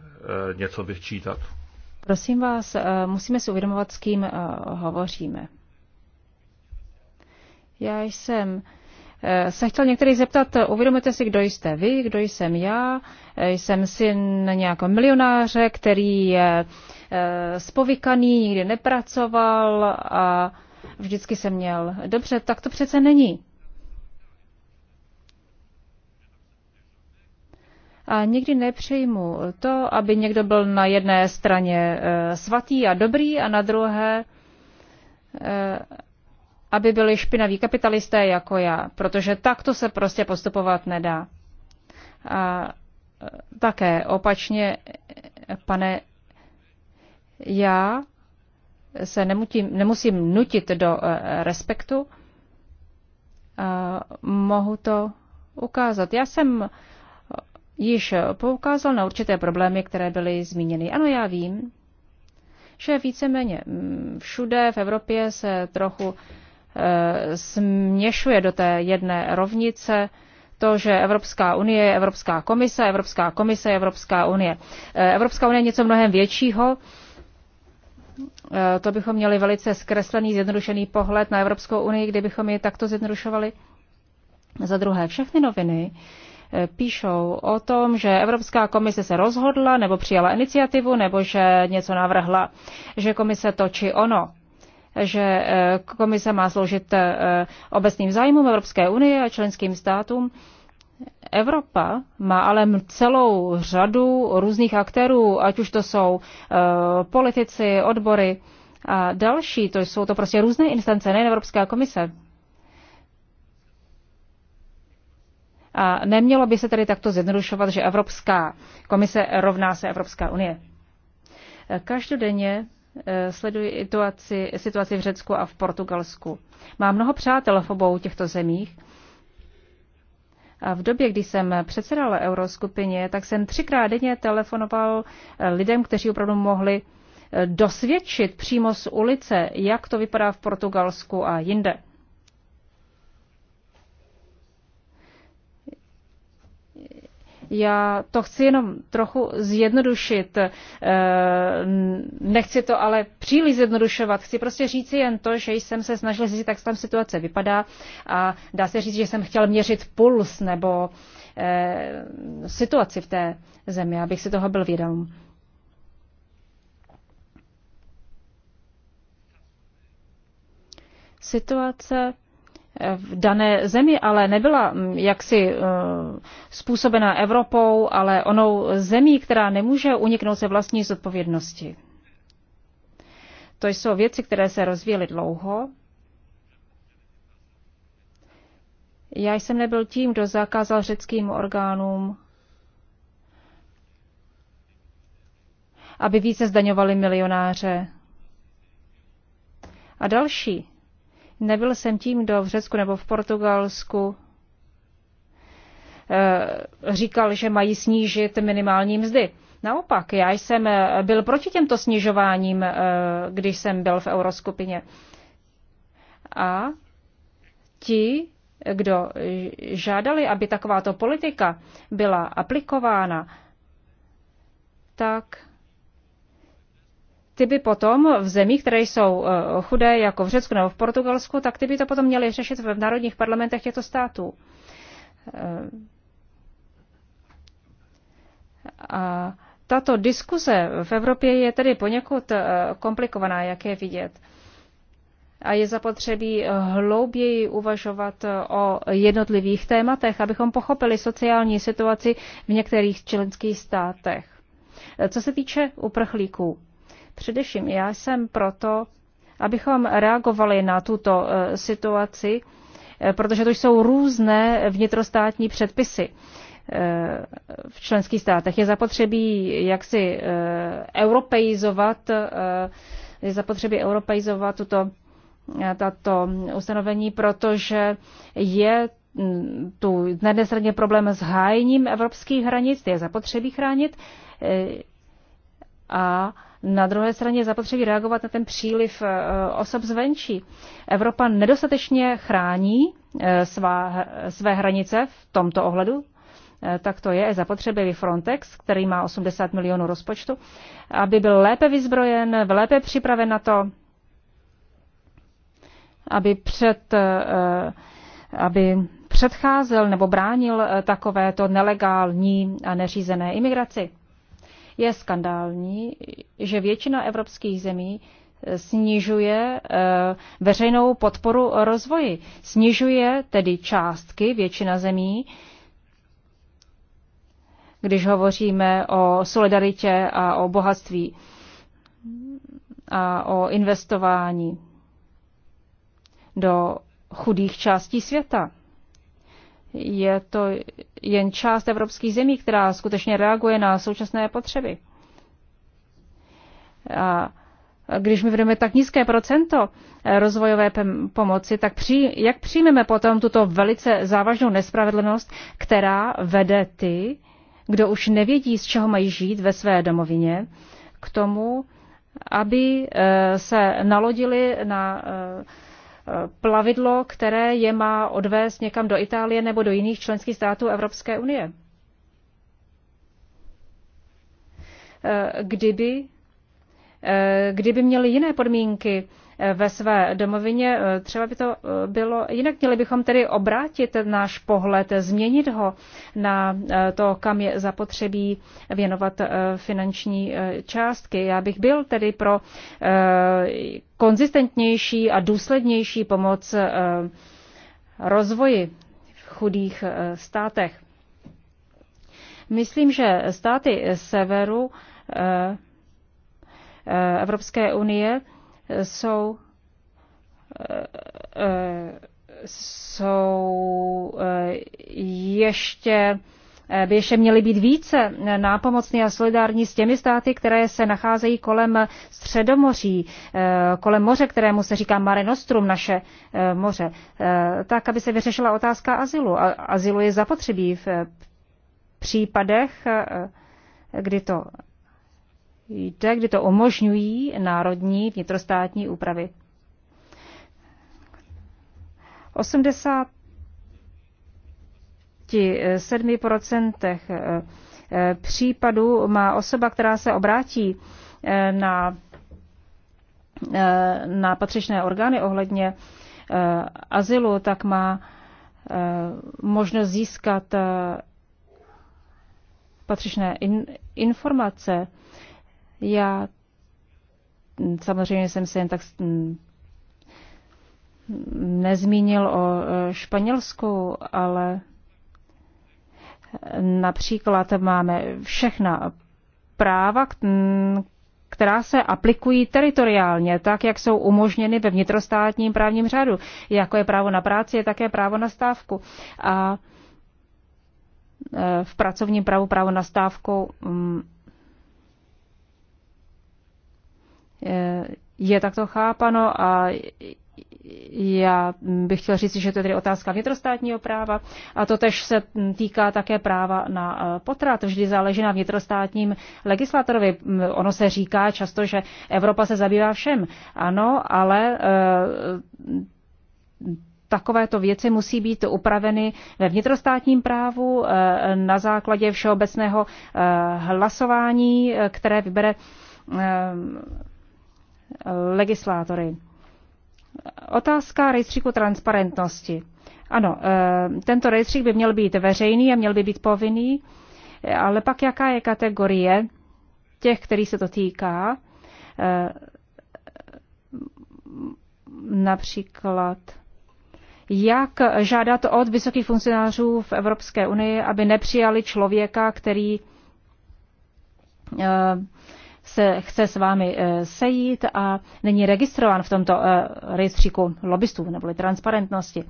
B: něco vyčítat.
C: Prosím vás, musíme si uvědomovat, s kým hovoříme. Já jsem eh, se chtěl některý zeptat, eh, uvědomujete si, kdo jste vy, kdo jsem já, eh, jsem syn nějakého milionáře, který je spovykaný, nikdy nepracoval a vždycky jsem měl, dobře, tak to přece není. A nikdy nepřejmu to, aby někdo byl na jedné straně svatý a dobrý a na druhé aby byli špinaví kapitalisté jako já, protože takto se prostě postupovat nedá. A e, také opačně, pane, já se nemutím, nemusím nutit do e, respektu, a mohu to ukázat. Já jsem již poukázal na určité problémy, které byly zmíněny. Ano, já vím, že víceméně mm, všude v Evropě se trochu uh, Eh, směšuje do té jedné rovnice to, že Evropská unie je Evropská komise, Evropská komise je Evropská unie. Eh, Evropská unie je něco mnohem většího. Eh, to bychom měli velice zkreslený, zjednodušený pohled na Evropskou unii, kdybychom ji takto zjednodušovali. Za druhé, všechny noviny píšou o tom, že Evropská komise se rozhodla nebo přijala iniciativu, nebo že něco navrhla, že komise to či ono že eh, komise má sloužit eh, obecným zájmům Evropské unie a členským státům. Evropa má ale celou řadu různých aktérů, ať už to jsou eh, politici, odbory a další. To jsou to prostě různé instance, nejen Evropská komise. A nemělo by se tedy takto zjednodušovat, že Evropská komise rovná se Evropská unie. Každodenně Eh, sleduji situaci, situaci v Řecku a v Portugalsku. Mám mnoho přátel v obou těchto zemích. A v době, kdy jsem předsedal euroskupině, tak jsem třikrát denně telefonoval eh, lidem, kteří opravdu mohli eh, dosvědčit přímo z ulice, jak to vypadá v Portugalsku a jinde. Já to chci jenom trochu zjednodušit. Eh, nechci to ale příliš zjednodušovat. Chci prostě říci jen to, že jsem se snažil zjistit, jak tam situace vypadá a dá se říct, že jsem chtěl měřit puls nebo eh, situaci v té zemi, abych si toho byl vědom. Situace v dané zemi, ale nebyla mm, jaksi eh, způsobena Evropou, ale onou zemí, která nemůže uniknout se vlastní zodpovědnosti. To jsou věci, které se rozvíjely dlouho. Já jsem nebyl tím, kdo zakázal řeckým orgánům, aby více zdaňovali milionáře. A další Nebyl jsem tím, kdo v Řecku nebo v Portugalsku eh, říkal, že mají snížit minimální mzdy. Naopak, já jsem eh, byl proti těmto snižováním, eh, když jsem byl v euroskupině. A ti, kdo žádali, aby takováto politika byla aplikována, tak ty by potom v zemích, které jsou eh, chudé, jako v Řecku nebo v Portugalsku, tak ty by to potom měly řešit v národních parlamentech těchto států. Eh, a tato diskuze v Evropě je tedy poněkud eh, komplikovaná, jak je vidět. A je zapotřebí hlouběji uvažovat o jednotlivých tématech, abychom pochopili sociální situaci v některých členských státech. Co se týče uprchlíků, Především já jsem proto, abychom reagovali na tuto eh, situaci, eh, protože to jsou různé vnitrostátní předpisy eh, v členských státech. Je zapotřebí jaksi europeizovat, je zapotřebí europeizovat tuto, tato ustanovení, protože je mm, tu nedesledně problém s hájením evropských hranic, je zapotřebí chránit, a na druhé straně je zapotřebí reagovat na ten příliv eh, osob zvenčí. Evropa nedostatečně chrání eh, svá, své hranice v tomto ohledu. Eh, tak to je zapotřebí Frontex, který má 80 milionů rozpočtu, aby byl lépe vyzbrojen, lépe připraven na to, aby před aby předcházel nebo bránil takovéto nelegální a neřízené imigraci. Je skandální, že většina evropských zemí eh, snižuje eh, veřejnou podporu rozvoji. Snižuje tedy částky většina zemí, když hovoříme o solidaritě a o bohatství a o investování do chudých částí světa je to jen část evropských zemí, která skutečně reaguje na současné potřeby. A když my vedeme tak nízké procento eh, rozvojové pomoci, tak při, jak přijmeme potom tuto velice závažnou nespravedlnost, která vede ty, kdo už nevědí, z čeho mají žít ve své domovině, k tomu, aby eh, se nalodili na eh, plavidlo, které je má odvést někam do Itálie nebo do jiných členských států Evropské unie. Eh, kdyby Eh, kdyby měli jiné podmínky eh, ve své domovině, eh, třeba by to bylo jinak. Měli bychom tedy obrátit náš pohled, změnit ho na to, kam je zapotřebí věnovat finanční částky. Já bych byl tedy pro konzistentnější a důslednější pomoc rozvoji v chudých státech. Myslím, že státy severu Eh, Evropské unie eh, jsou, eh, jsou ještě by ještě měly být více nápomocný a solidární s těmi státy, které se nacházejí kolem Středomoří, kolem moře, kterému se říká Mare Nostrum, naše moře, tak, aby se vyřešila otázka azylu. Azylu je zapotřebí v případech, kdy to jde, kdy to umožňují národní vnitrostátní úpravy. 87% eh, eh, případů má osoba, která se obrátí eh, na, na patřičné orgány ohledně azylu, tak má možnost získat patřičné in, informace. Já samozřejmě jsem se jen tak nezmínil o e, Španělsku, ale například máme všechna práva, která se aplikují teritoriálně, tak jak jsou umožněny ve vnitrostátním právním řádu. Jako je právo na práci, je také právo na stávku. A e, v pracovním právu právo na stávku Eh, je takto chápano a já bych chtěl říct, že to je tedy otázka vnitrostátního práva a to tež se týká také práva na eh, potrat. Vždy záleží na vnitrostátním legislatorovi. Mm, ono se říká často, že Evropa se zabývá všem. Ano, ale eh, takovéto věci musí být upraveny ve vnitrostátním právu na základě všeobecného hlasování, které vybere legislátory. Otázka rejstříku transparentnosti. Ano, eh, tento rejstřík by měl být veřejný a měl by být povinný, ale pak jaká je kategorie těch, který se to týká? Eh, například, jak žádat od vysokých funkcionářů v Evropské unii, aby nepřijali člověka, který eh, se chce s vámi eh, sejít a není registrován v tomto eh, rejstříku lobbystů nebo transparentnosti.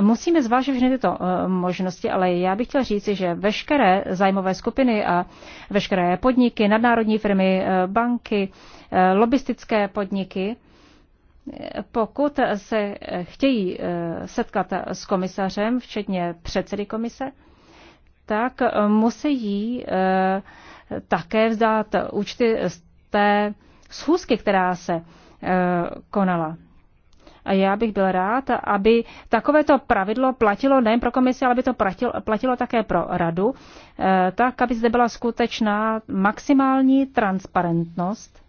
C: Musíme zvážit všechny tyto eh, možnosti, ale já bych chtěl říci, že veškeré zájmové skupiny a veškeré podniky, nadnárodní firmy, banky, lobistické podniky, pokud se chtějí setkat s komisařem, včetně předsedy komise, tak musí také vzdát účty z té schůzky, která se e, konala. A já bych byl rád, aby takovéto pravidlo platilo nejen pro komisi, ale aby to platilo, platilo také pro radu, e, tak aby zde byla skutečná maximální transparentnost.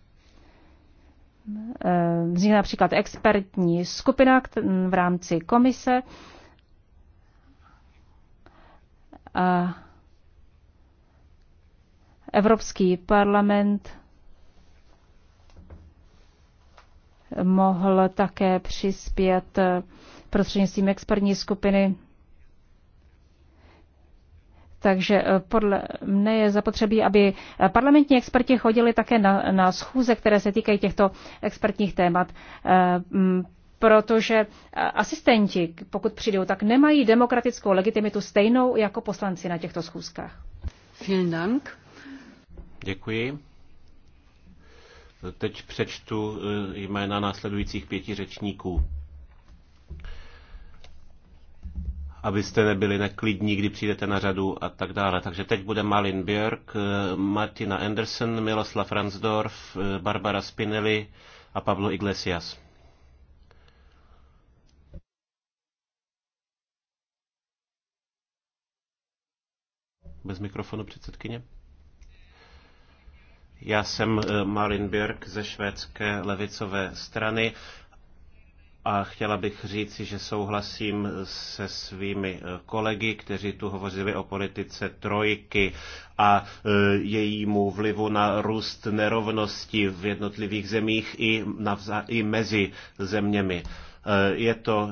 C: E, vznikne například expertní skupina v rámci komise. A Evropský parlament mohl také přispět prostřednictvím expertní skupiny. Takže eh, podle mne je zapotřebí, aby parlamentní experti chodili také na, na schůze, které se týkají těchto expertních témat, eh, protože eh, asistenti, pokud přijdou, tak nemají demokratickou legitimitu stejnou jako poslanci na těchto schůzkách. Vielen Dank.
A: Děkuji. Teď přečtu eh, jména následujících pěti řečníků. abyste nebyli neklidní, kdy přijdete na řadu a tak dále. Takže teď bude Malin Björk, eh, Martina Anderson, Miloslav Ransdorf, eh, Barbara Spinelli a Pablo Iglesias. Bez mikrofonu předsedkyně. Já jsem eh, Malin Björk ze švédské levicové strany a chtěla bych říci, že souhlasím se svými eh, kolegy, kteří tu hovořili o politice trojky a eh, jejímu vlivu na růst nerovnosti v jednotlivých zemích i, i mezi zeměmi. Je to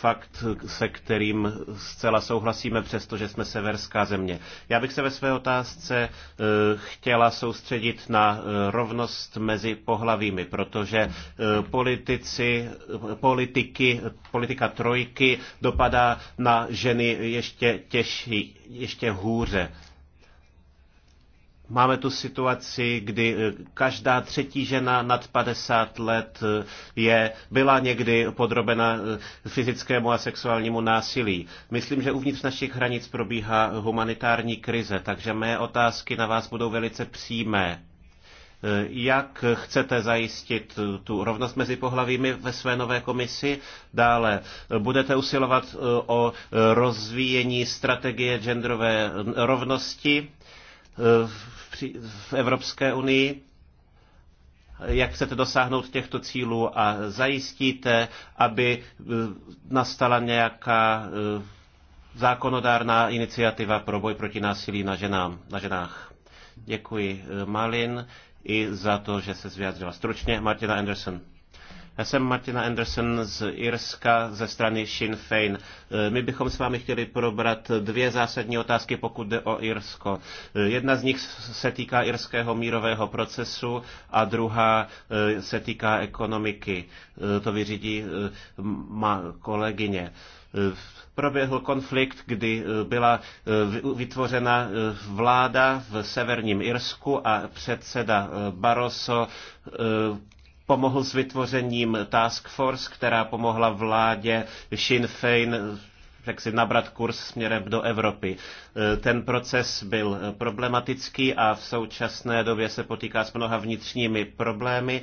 A: fakt, se kterým zcela souhlasíme, přestože jsme severská země. Já bych se ve své otázce eh, chtěla soustředit na eh, rovnost mezi pohlavími, protože eh, politici, politiky, politika trojky dopadá na ženy ještě těžší, ještě hůře. Máme tu situaci, kdy eh, každá třetí žena nad 50 let eh, je, byla někdy podrobena eh, fyzickému a sexuálnímu násilí. Myslím, že uvnitř našich hranic probíhá humanitární krize, takže mé otázky na vás budou velice přímé. Jak chcete zajistit tu rovnost mezi pohlavími ve své nové komisi? Dále, budete usilovat o rozvíjení strategie genderové rovnosti? v Evropské unii, jak chcete dosáhnout těchto cílů a zajistíte, aby e, nastala nějaká e, zákonodárná iniciativa pro boj proti násilí na, ženám, na ženách. Děkuji e, Malin i za to, že se vyjádřila stručně. Martina Anderson. Já jsem Martina Anderson z Irska ze strany Sinn Féin. My bychom s vámi chtěli probrat dvě zásadní otázky, pokud jde o Irsko. Jedna z nich se týká irského mírového procesu a druhá eh, se týká ekonomiky. Eh, to vyřídí eh, má kolegyně proběhl konflikt, kdy byla vytvořena vláda v severním Irsku a předseda Barroso pomohl s vytvořením Task Force, která pomohla vládě Sinn Féin jak si nabrat kurz směrem do Evropy. E, ten proces byl problematický a v současné době se potýká s mnoha vnitřními problémy, e,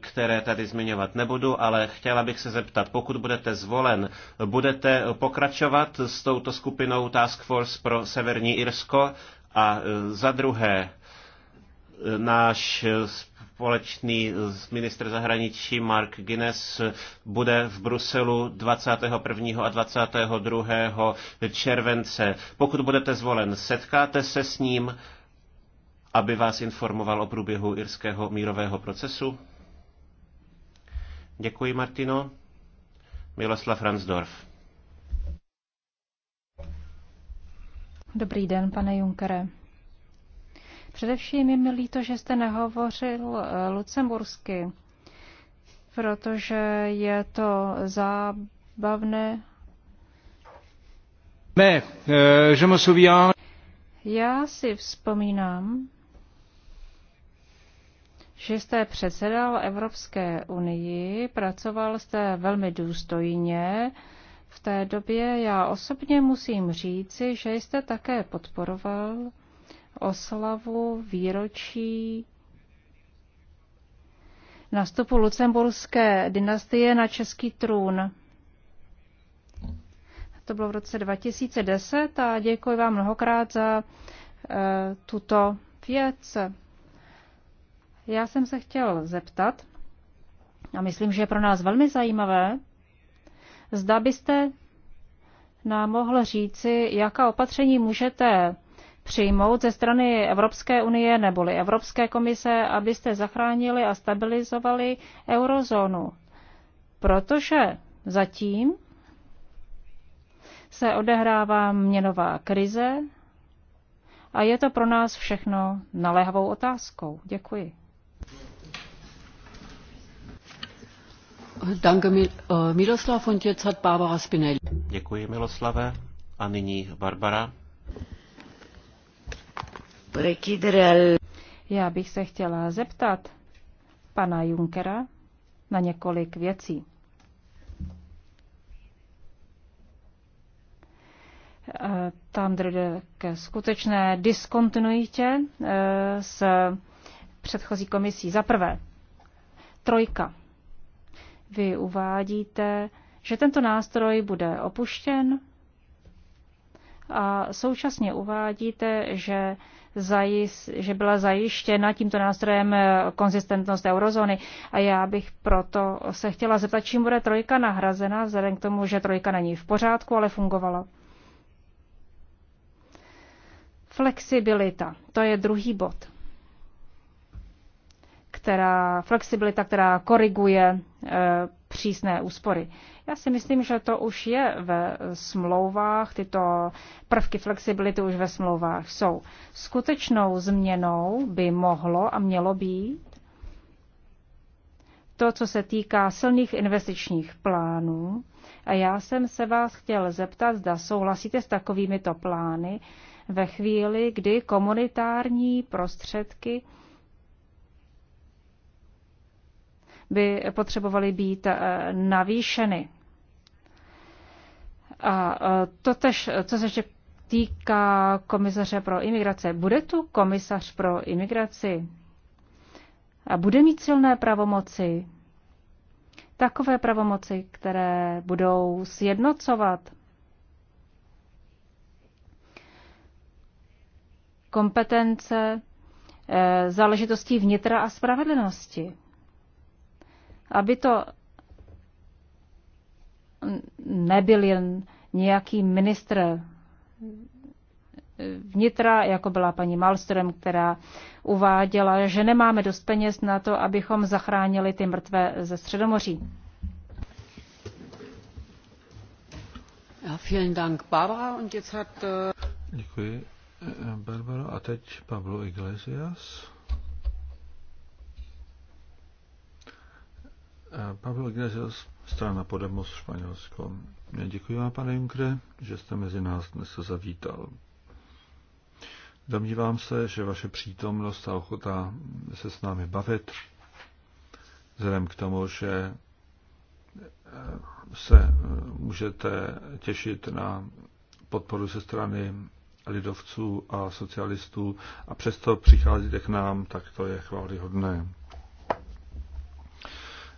A: které tady zmiňovat nebudu, ale chtěla bych se zeptat, pokud budete zvolen, budete pokračovat s touto skupinou Task Force pro Severní Irsko? A e, za druhé, náš společný ministr zahraničí Mark Guinness bude v Bruselu 21. a 22. července. Pokud budete zvolen, setkáte se s ním, aby vás informoval o průběhu irského mírového procesu? Děkuji, Martino. Miloslav Ransdorf.
C: Dobrý den, pane Junkere. Především je mi líto, že jste nehovořil eh, lucembursky, protože je to zábavné.
A: Ne, eh,
C: Já si vzpomínám, že jste předsedal Evropské unii, pracoval jste velmi důstojně. V té době já osobně musím říci, že jste také podporoval oslavu výročí nastupu lucemburské dynastie na český trůn. To bylo v roce 2010 a děkuji vám mnohokrát za eh, tuto věc. Já jsem se chtěl zeptat, a myslím, že je pro nás velmi zajímavé, zda byste nám mohl říci, jaká opatření můžete přijmout ze strany Evropské unie neboli Evropské komise, abyste zachránili a stabilizovali eurozónu. Protože zatím se odehrává měnová krize a je to pro nás všechno naléhavou otázkou. Děkuji.
B: Eh,
A: Děkuji, Miloslave. A nyní Barbara.
C: Já bych se chtěla zeptat pana Junkera na několik věcí. Eh, tam jde ke skutečné diskontinuitě eh, s předchozí komisí. Za prvé, trojka. Vy uvádíte, že tento nástroj bude opuštěn a současně uvádíte, že zajist, že byla zajištěna tímto nástrojem eh, konzistentnost eurozóny. A já bych proto se chtěla zeptat, čím bude trojka nahrazena, vzhledem k tomu, že trojka není v pořádku, ale fungovala. Flexibilita, to je druhý bod. Která, flexibilita, která koriguje e, přísné úspory. Já si myslím, že to už je ve smlouvách, tyto prvky flexibility už ve smlouvách jsou. Skutečnou změnou by mohlo a mělo být to, co se týká silných investičních plánů. A já jsem se vás chtěl zeptat, zda souhlasíte s takovýmito plány ve chvíli, kdy komunitární prostředky by potřebovaly být eh, navýšeny. A e, to tež, co se ještě týká komisaře pro imigrace. Bude tu komisař pro imigraci a bude mít silné pravomoci. Takové pravomoci, které budou sjednocovat kompetence e, záležitostí vnitra a spravedlnosti. Aby to nebyl jen nějaký ministr vnitra, jako byla paní Malström, která uváděla, že nemáme dost peněz na to, abychom zachránili ty mrtvé ze Středomoří.
B: Äh, Děkuji, eh, Barbara. A teď Pablo Iglesias. Eh, Pablo Iglesias strana Podemos Španělsko. Děkuji vám, pane Junkre, že jste mezi nás dnes zavítal. Domnívám se, že vaše přítomnost a ochota se s námi bavit, vzhledem k tomu, že eh, se eh, můžete těšit na podporu ze strany lidovců a socialistů a přesto přicházíte k nám, tak to je chválihodné.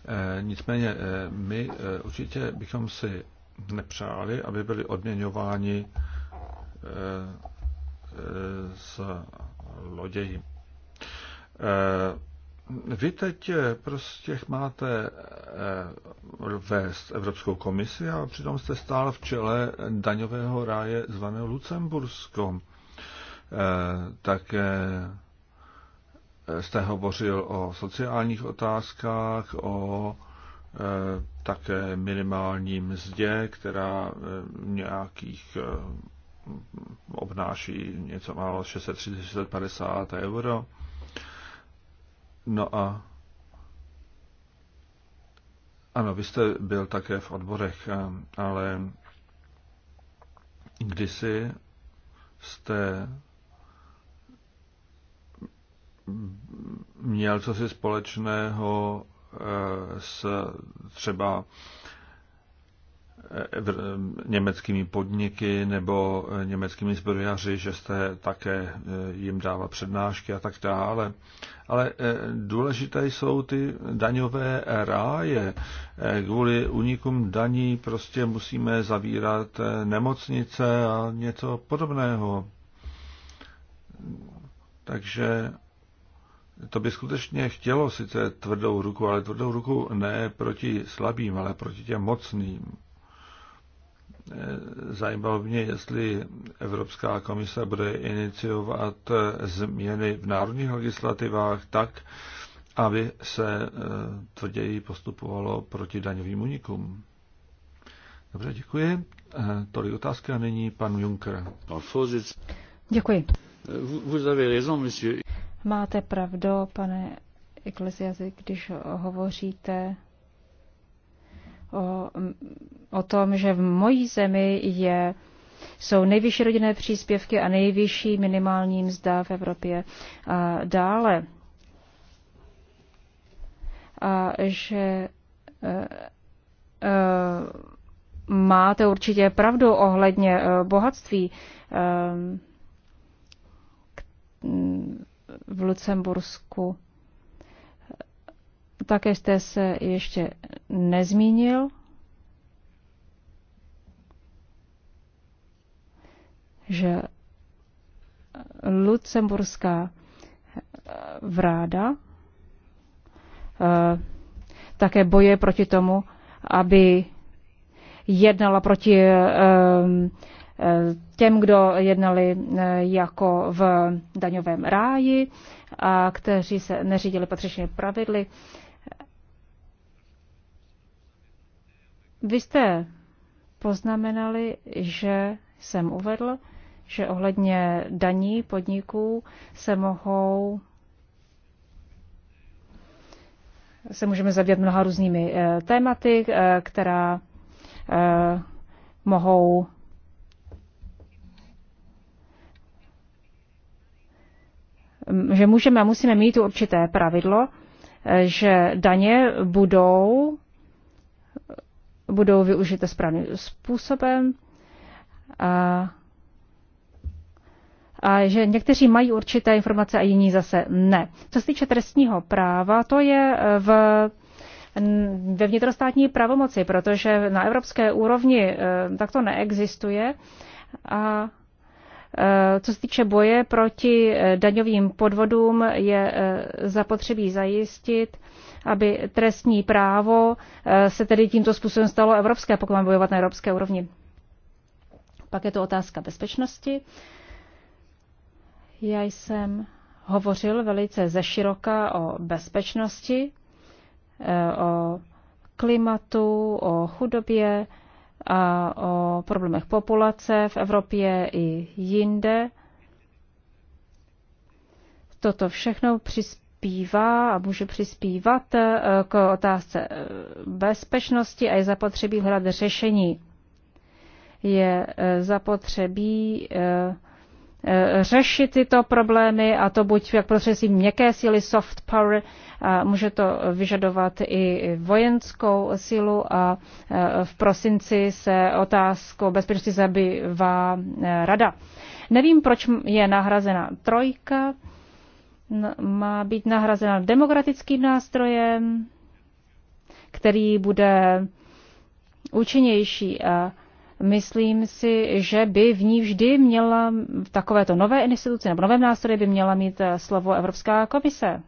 B: Eh, nicméně eh, my eh, určitě bychom si nepřáli, aby byli odměňováni z loději. Vy teď prostě máte vést Evropskou komisi a přitom jste stál v čele daňového ráje zvaného Lucembursko. Tak jste hovořil o sociálních otázkách, o e, také minimální mzdě, která e, nějakých e, obnáší něco málo 630-650 euro. No a ano, vy jste byl také v odborech, ale kdysi jste měl co si společného eh, s třeba eh, eh, německými podniky nebo německými zbrojaři, že jste také jim dával přednášky a tak dále. Ale důležité jsou ty daňové ráje. Kvůli unikům daní prostě musíme zavírat nemocnice a něco podobného. Takže to by skutečně chtělo sice tvrdou ruku, ale tvrdou ruku ne proti slabým, ale proti těm mocným. E, zajímalo mě, jestli Evropská komise bude iniciovat změny v národních legislativách tak, aby se e, tvrději postupovalo proti daňovým unikům. Dobře, děkuji. E, tolik otázka a nyní pan Juncker. Děkuji. Vous avez raison, monsieur.
C: Máte pravdu, pane Iglesiasi, když hovoříte o, o tom, že v mojí zemi je, jsou nejvyšší rodinné příspěvky a nejvyšší minimální mzda v Evropě. A dále, a že a, e, a, e, máte určitě pravdu ohledně e, bohatství. A, k, v Lucembursku. Také jste se ještě nezmínil. že lucemburská eh, vráda eh, také boje proti tomu, aby jednala proti eh, těm, kdo jednali eh, jako v daňovém ráji a kteří se neřídili patřičně pravidly. Vy jste poznamenali, že jsem uvedl, že ohledně daní podniků se mohou se můžeme zabývat mnoha různými eh, tématy, eh, která mohou že můžeme a musíme mít určité pravidlo, e, že daně budou, budou využité správným způsobem a, a že někteří mají určité informace a jiní zase ne. Co se týče trestního práva, to je e, v ve vnitrostátní pravomoci, protože na evropské úrovni e, tak to neexistuje. A Eh, co se týče boje proti eh, daňovým podvodům, je eh, zapotřebí zajistit, aby trestní právo se tedy tímto způsobem stalo evropské, pokud máme bojovat na evropské úrovni. Pak je to otázka bezpečnosti. Já jsem hovořil velice zeširoka o bezpečnosti, o klimatu, o chudobě, a o problémech populace v Evropě i jinde. Toto všechno přispívá a může přispívat e, k otázce e, bezpečnosti a je zapotřebí hledat řešení. Je e, zapotřebí Eh, řešit tyto problémy a to buď jak prostřednictvím měkké síly, soft power, a může to vyžadovat i vojenskou sílu a eh, v prosinci se otázkou bezpečnosti zabývá eh, rada. Nevím, proč je nahrazena trojka, no, má být nahrazena demokratickým nástrojem, který bude účinnější a Myslím si, že by v ní vždy měla takovéto nové instituce nebo novém nástroji by měla mít eh, slovo Evropská komise.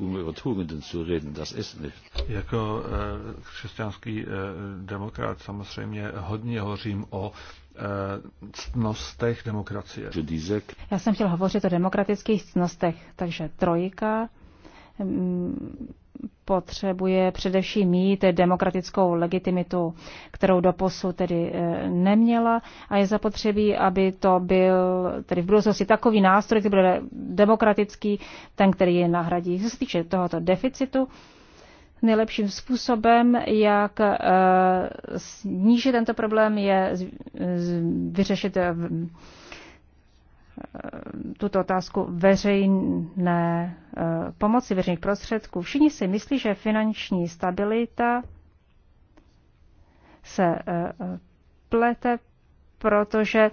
B: Um jako eh, křesťanský eh, demokrat samozřejmě hodně hovořím o ctnostech demokracie.
C: Já jsem chtěl hovořit o demokratických ctnostech, takže trojka, potřebuje především mít demokratickou legitimitu, kterou posu tedy eh, neměla a je zapotřebí, aby to byl tedy v budoucnosti takový nástroj, který bude demokratický, ten, který je nahradí. Co se týče tohoto deficitu, nejlepším způsobem, jak eh, snížit tento problém, je vyřešit eh, Eh, tuto otázku veřejné eh, pomoci, veřejných prostředků. Všichni si myslí, že finanční stabilita se eh, plete, protože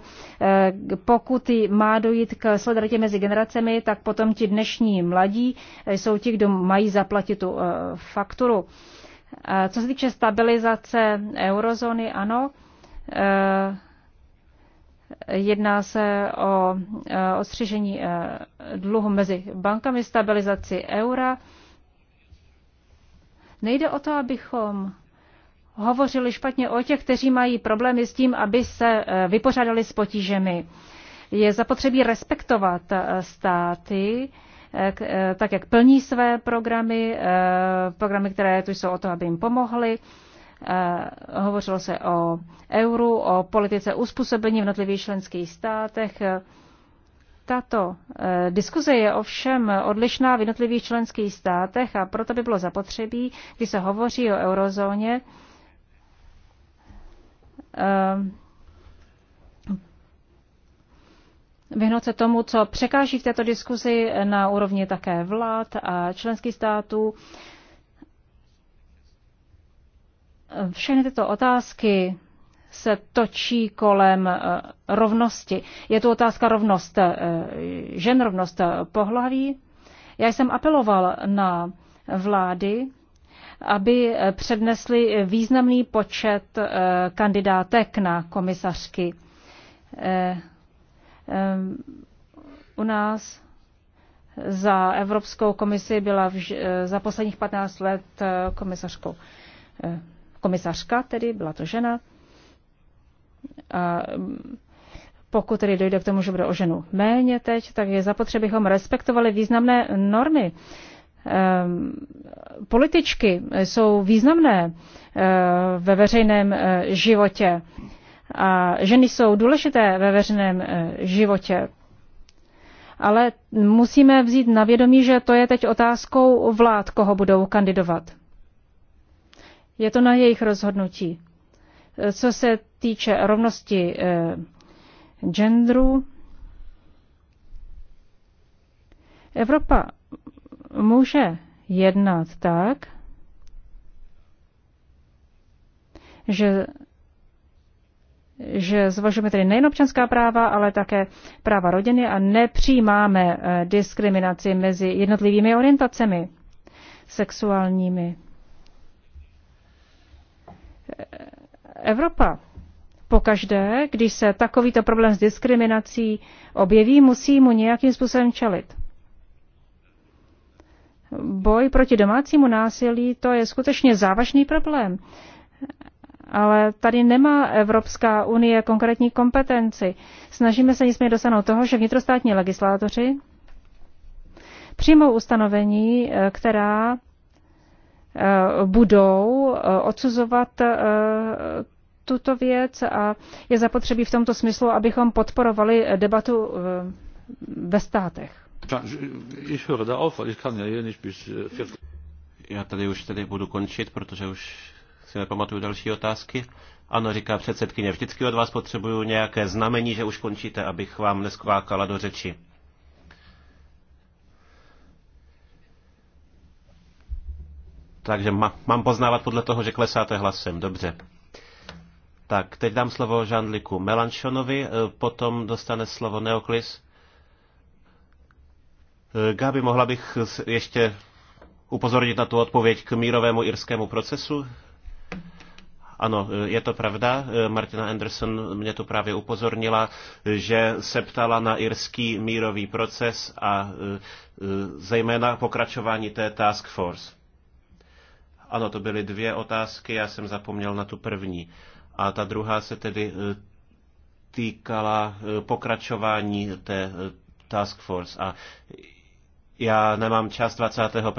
C: pokud má dojít k solidaritě mezi generacemi, tak potom ti dnešní mladí jsou ti, kdo mají zaplatit tu fakturu. Co se týče stabilizace eurozóny, ano, Jedná se o e, ostřežení e, dluhu mezi bankami, stabilizaci eura. Nejde o to, abychom hovořili špatně o těch, kteří mají problémy s tím, aby se e, vypořádali s potížemi. Je zapotřebí respektovat státy, tak jak plní své programy, programy, které tu jsou o to, aby jim pomohly. Eh, hovořilo se o euru, o politice uspůsobení v notlivých členských státech. Tato eh, diskuze je ovšem odlišná v jednotlivých členských státech a proto by bylo zapotřebí, když se hovoří o eurozóně, eh, vyhnout se tomu, co překáží v této diskuzi na úrovni také vlád a členských států. Všechny tyto otázky se točí kolem eh, rovnosti. Je tu otázka rovnost eh, žen, rovnost pohlaví. Já jsem apeloval na vlády, aby přednesli významný počet eh, kandidátek na komisařky. U nás za Evropskou komisi byla za posledních 15 let komisařkou komisařka tedy, byla to žena. A pokud tedy dojde k tomu, že bude o ženu méně teď, tak je zapotřebí, abychom respektovali významné normy. Ehm, političky jsou významné eh, ve veřejném eh, životě a ženy jsou důležité ve veřejném eh, životě. Ale musíme vzít na vědomí, že to je teď otázkou vlád, koho budou kandidovat. Je to na jejich rozhodnutí. Co se týče rovnosti eh, genderu, Evropa může jednat tak, že, že zvažujeme tedy nejen občanská práva, ale také práva rodiny a nepřijímáme eh, diskriminaci mezi jednotlivými orientacemi sexuálními. Evropa pokaždé, když se takovýto problém s diskriminací objeví, musí mu nějakým způsobem čelit. Boj proti domácímu násilí, to je skutečně závažný problém. Ale tady nemá Evropská unie konkrétní kompetenci. Snažíme se nicméně dosáhnout toho, že vnitrostátní legislátoři přijmou ustanovení, eh, která Eh, budou eh, odsuzovat eh, tuto věc a je zapotřebí v tomto smyslu, abychom podporovali debatu ve státech.
A: Já tady už tady budu končit, protože už si nepamatuju další otázky. Ano, říká předsedkyně, vždycky od vás potřebuju nějaké znamení, že už končíte, abych vám neskvákala do řeči. Takže ma, mám poznávat podle toho, že klesáte hlasem. Dobře. Tak, teď dám slovo Žandliku Melanchonovi, e, potom dostane slovo Neoklis. E, Gabi, mohla bych ještě upozornit na tu odpověď k mírovému irskému procesu? Ano, e, je to pravda. Martina Anderson mě tu právě upozornila, že se ptala na irský mírový proces a zejména pokračování té task force. Ano, to byly dvě otázky, já jsem zapomněl na tu první. A ta druhá se tedy e, týkala e, pokračování té e, task force. A já nemám čas 21.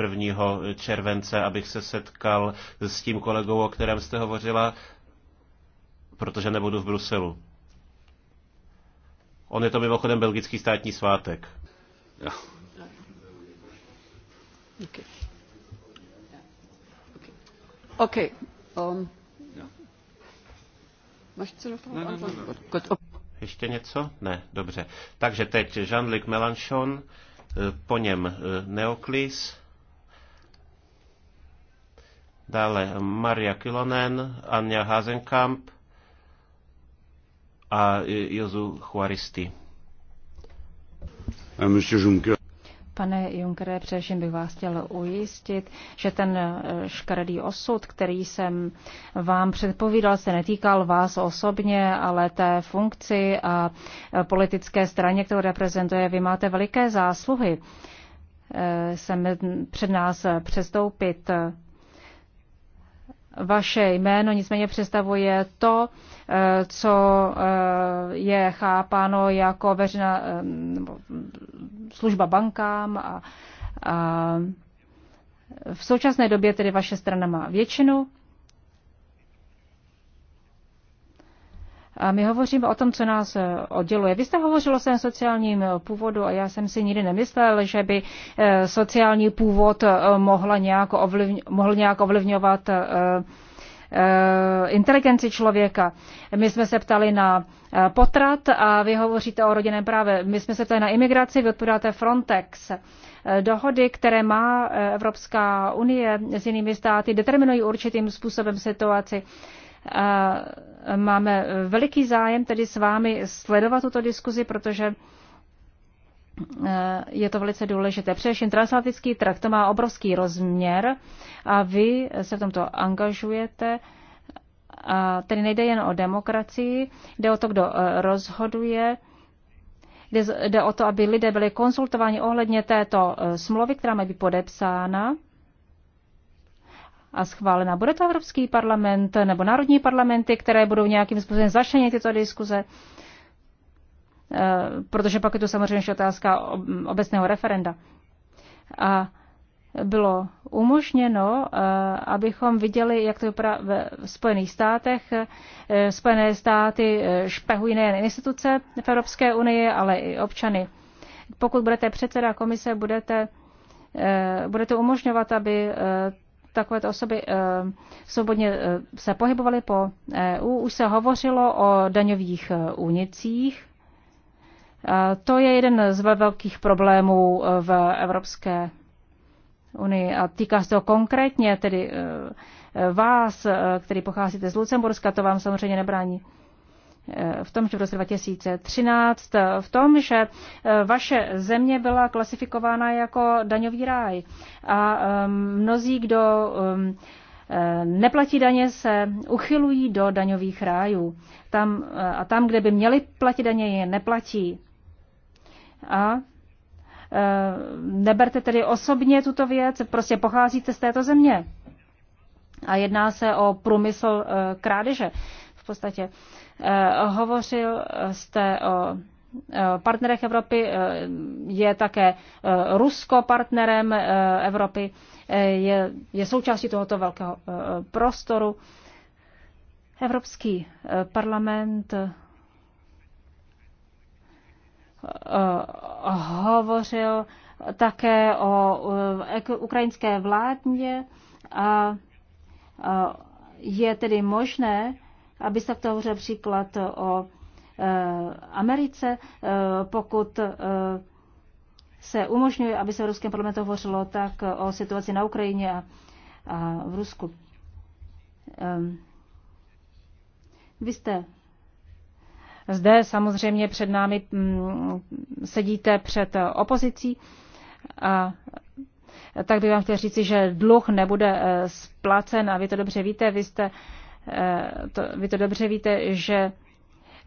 A: července, abych se setkal s tím kolegou, o kterém jste hovořila, protože nebudu v Bruselu. On je to mimochodem belgický státní svátek. Yeah.
B: Okay. Um,
A: Ještě něco? Ne, dobře. Takže teď Jean-Luc Melanchon, eh, po něm eh, Neoklis, dále Maria Kilonen, Anja Hazenkamp a Jozu Juaristi. Eh,
B: monsieur Juncker.
C: Pane Junkere, především bych vás chtěl ujistit, že ten eh, škaredý osud, který jsem vám předpovídal, se netýkal vás osobně, ale té funkci a eh, politické straně, kterou reprezentuje, vy máte veliké zásluhy. Jsem eh, před nás přestoupit vaše jméno, nicméně představuje to, eh, co eh, je chápáno jako veřejná eh, služba bankám a, a v současné době tedy vaše strana má většinu A my hovoříme o tom, co nás eh, odděluje. Vy jste hovořil o svém sociálním eh, původu a já jsem si nikdy nemyslel, že by eh, sociální původ mohla nějak ovlivň, mohl nějak ovlivňovat inteligenci člověka. My jsme se ptali na potrat a vy hovoříte o rodinném právě. My jsme se ptali na imigraci, vy odpovídáte Frontex. Dohody, které má Evropská unie s jinými státy, determinují určitým způsobem situaci. A máme veliký zájem tedy s vámi sledovat tuto diskuzi, protože e, je to velice důležité. Především transatlantický trh, to má obrovský rozměr a vy se v tomto angažujete. A tedy nejde jen o demokracii, jde o to, kdo e, rozhoduje, jde, o to, aby lidé byli konsultováni ohledně této e, smlouvy, která má být podepsána a schválena. Bude to Evropský parlament nebo národní parlamenty, které budou nějakým způsobem začlenit tyto diskuze? Eh, protože pak je to samozřejmě otázka obecného referenda. A bylo umožněno, eh, abychom viděli, jak to vypadá ve Spojených státech. Eh, Spojené státy špehují nejen instituce v Evropské unii, ale i občany. Pokud budete předseda komise, budete, budete umožňovat, aby takovéto osoby eh, svobodně eh, se pohybovaly po EU. Už se hovořilo o daňových eh, únicích. To je jeden z velkých problémů v Evropské unii a týká se to konkrétně tedy vás, který pocházíte z Lucemburska, to vám samozřejmě nebrání v tom, že v roce 2013, v tom, že eh, vaše země byla klasifikována jako daňový ráj a ehm, mnozí, kdo ehm, eh, neplatí daně, se uchylují do daňových rájů. Tam, eh, a tam, kde by měli platit daně, je neplatí. A neberte tedy osobně tuto věc, prostě pocházíte z této země. A jedná se o průmysl krádeže v podstatě. Uh, Eh, hovořil jste o eh, partnerech Evropy, eh, je také Rusko partnerem Evropy, je, je součástí tohoto velkého prostoru. Evropský parlament hovořil také o ukrajinské vládě a je tedy možné, aby se to hovořil příklad o eh, Americe, eh, pokud eh, se umožňuje, aby se v Ruském parlamentu hovořilo tak o situaci na Ukrajině a, a v Rusku. Ehm, vy jste zde samozřejmě před námi mm, sedíte před opozicí a tak bych vám chtěl říci, že dluh nebude splacen a vy to dobře víte, vy jste Eh, to, vy to dobře víte, že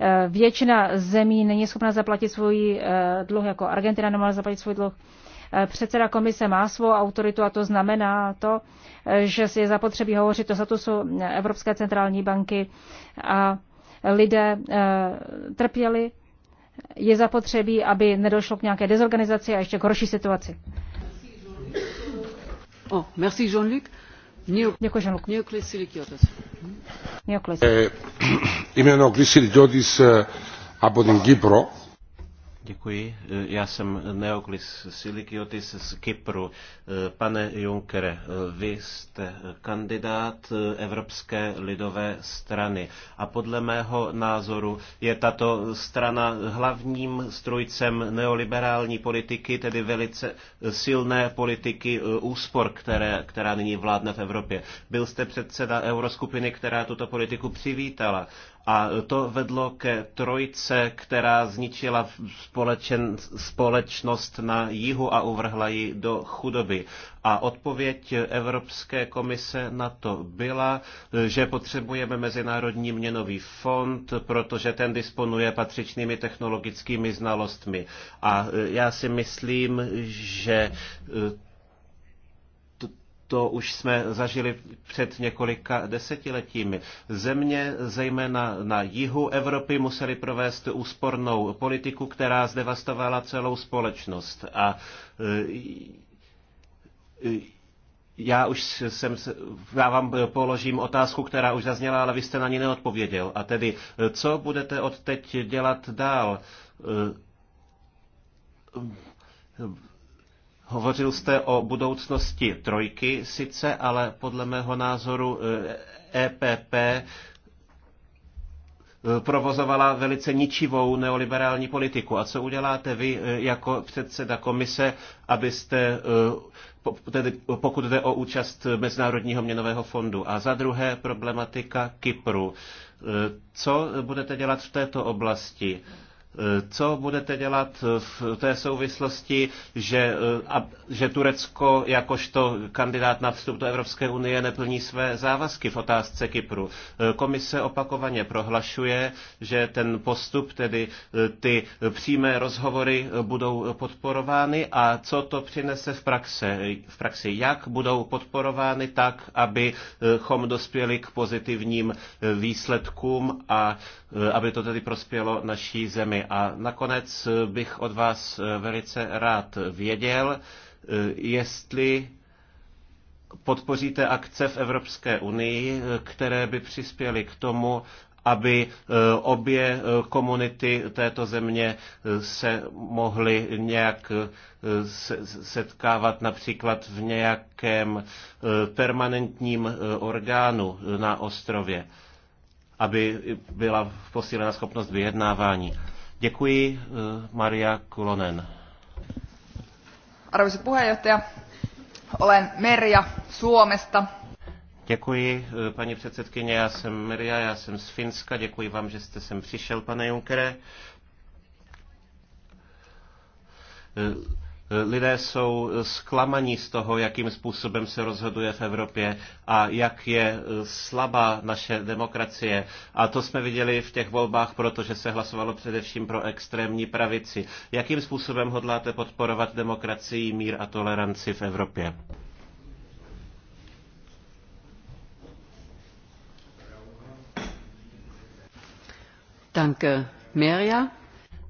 C: eh, většina zemí není schopna zaplatit svůj eh, dluh, jako Argentina nemohla zaplatit svůj dluh. Předseda komise má svou autoritu a to znamená to, že si je zapotřebí hovořit o statusu Evropské centrální banky a lidé trpěli. Je zapotřebí, aby nedošlo k nějaké dezorganizaci a ještě k horší situaci. Oh, merci Jean-Luc. Děkuji, Žanluku. Neoklis Silikiotis.
B: Neoklis. Eh, Jmenuji Neoklis Silikiotis από eh, την Κύπρο.
A: Děkuji. Já jsem Neoklis Silikiotis z Kypru. Pane Junckere, vy jste kandidát Evropské lidové strany a podle mého názoru je tato strana hlavním strojcem neoliberální politiky, tedy velice silné politiky e, úspor, které, která nyní vládne v Evropě. Byl jste předseda euroskupiny, která tuto politiku přivítala a to vedlo ke trojce, která zničila společen, společnost na jihu a uvrhla ji do chudoby. A odpověď Evropské komise na to byla, že potřebujeme Mezinárodní měnový fond, protože ten disponuje patřičnými technologickými znalostmi. A já si myslím, že to už jsme zažili před několika desetiletími. Země, zejména na jihu Evropy, museli provést úspornou politiku, která zdevastovala celou společnost. A e, e, já už jsem, já vám položím otázku, která už zazněla, ale vy jste na ní neodpověděl. A tedy, co budete od teď dělat dál? E, Hovořil jste o budoucnosti trojky sice, ale podle mého názoru EPP eh, e eh, provozovala velice ničivou neoliberální politiku. A co uděláte vy eh, jako předseda komise, abyste, tedy pokud jde o účast Mezinárodního měnového fondu? A za druhé problematika Kypru. Co budete dělat v této oblasti? Co budete dělat v té souvislosti, že, a, že Turecko jakožto kandidát na vstup do Evropské unie neplní své závazky v otázce Kypru? Komise opakovaně prohlašuje, že ten postup, tedy ty přímé rozhovory budou podporovány a co to přinese v praxi? V praxi jak budou podporovány tak, abychom dospěli k pozitivním výsledkům a aby to tedy prospělo naší zemi? A nakonec bych od vás eh, velice rád věděl, eh, jestli podpoříte akce v Evropské unii, eh, které by přispěly k tomu, aby obě komunity této země se mohly nějak setkávat například v nějakém permanentním orgánu na ostrově, aby byla posílena schopnost vyjednávání. Děkuji, eh, Maria Kulonen.
B: Arvoisa puheenjohtaja,
C: olen Merja Suomesta.
A: Děkuji, eh, paní předsedkyně, já jsem Merja, já jsem z Finska, děkuji vám, že jste sem přišel, pane Junkere. Eh, Lidé jsou eh, zklamaní z toho, jakým způsobem se rozhoduje v Evropě a jak je eh, slabá naše demokracie. A to jsme viděli v těch volbách, protože se hlasovalo především pro extrémní pravici. Jakým způsobem hodláte podporovat demokracii, mír a toleranci v Evropě? Danke, Meria.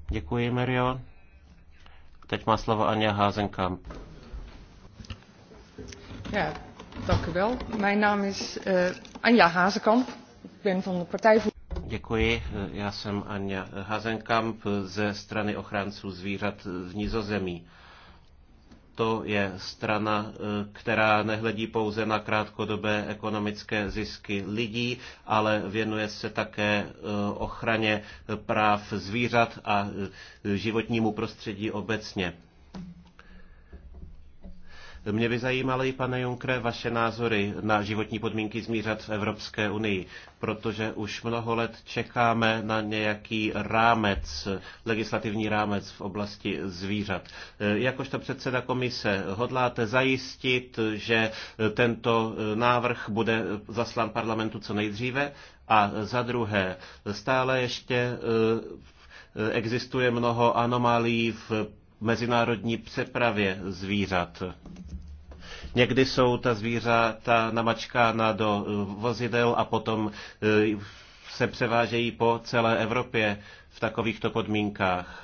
A: Děkuji, Merio. Teď má slovo Anja Házenkamp.
B: Ja, dank u wel. Mijn naam is uh, Anja Hazenkamp. Ik ben van de Partij voor...
A: Děkuji, eh, já jsem Anja Hazenkamp ze strany ochránců zvířat eh, v Nizozemí. Uh, to je strana, eh, která nehledí pouze na krátkodobé ekonomické zisky lidí, ale věnuje se také eh, ochraně práv zvířat a eh, životnímu prostředí obecně. Mě by zajímaly, pane Junkre, vaše názory na životní podmínky zmířat v Evropské unii, protože už mnoho let čekáme na nějaký rámec, legislativní rámec v oblasti zvířat. Jakožto předseda komise, hodláte zajistit, že tento návrh bude zaslán parlamentu co nejdříve? A za druhé, stále ještě eh, existuje mnoho anomálií v mezinárodní přepravě zvířat. Někdy jsou ta zvířata namačkána do eh, vozidel a potom eh, se převážejí po celé Evropě v takovýchto podmínkách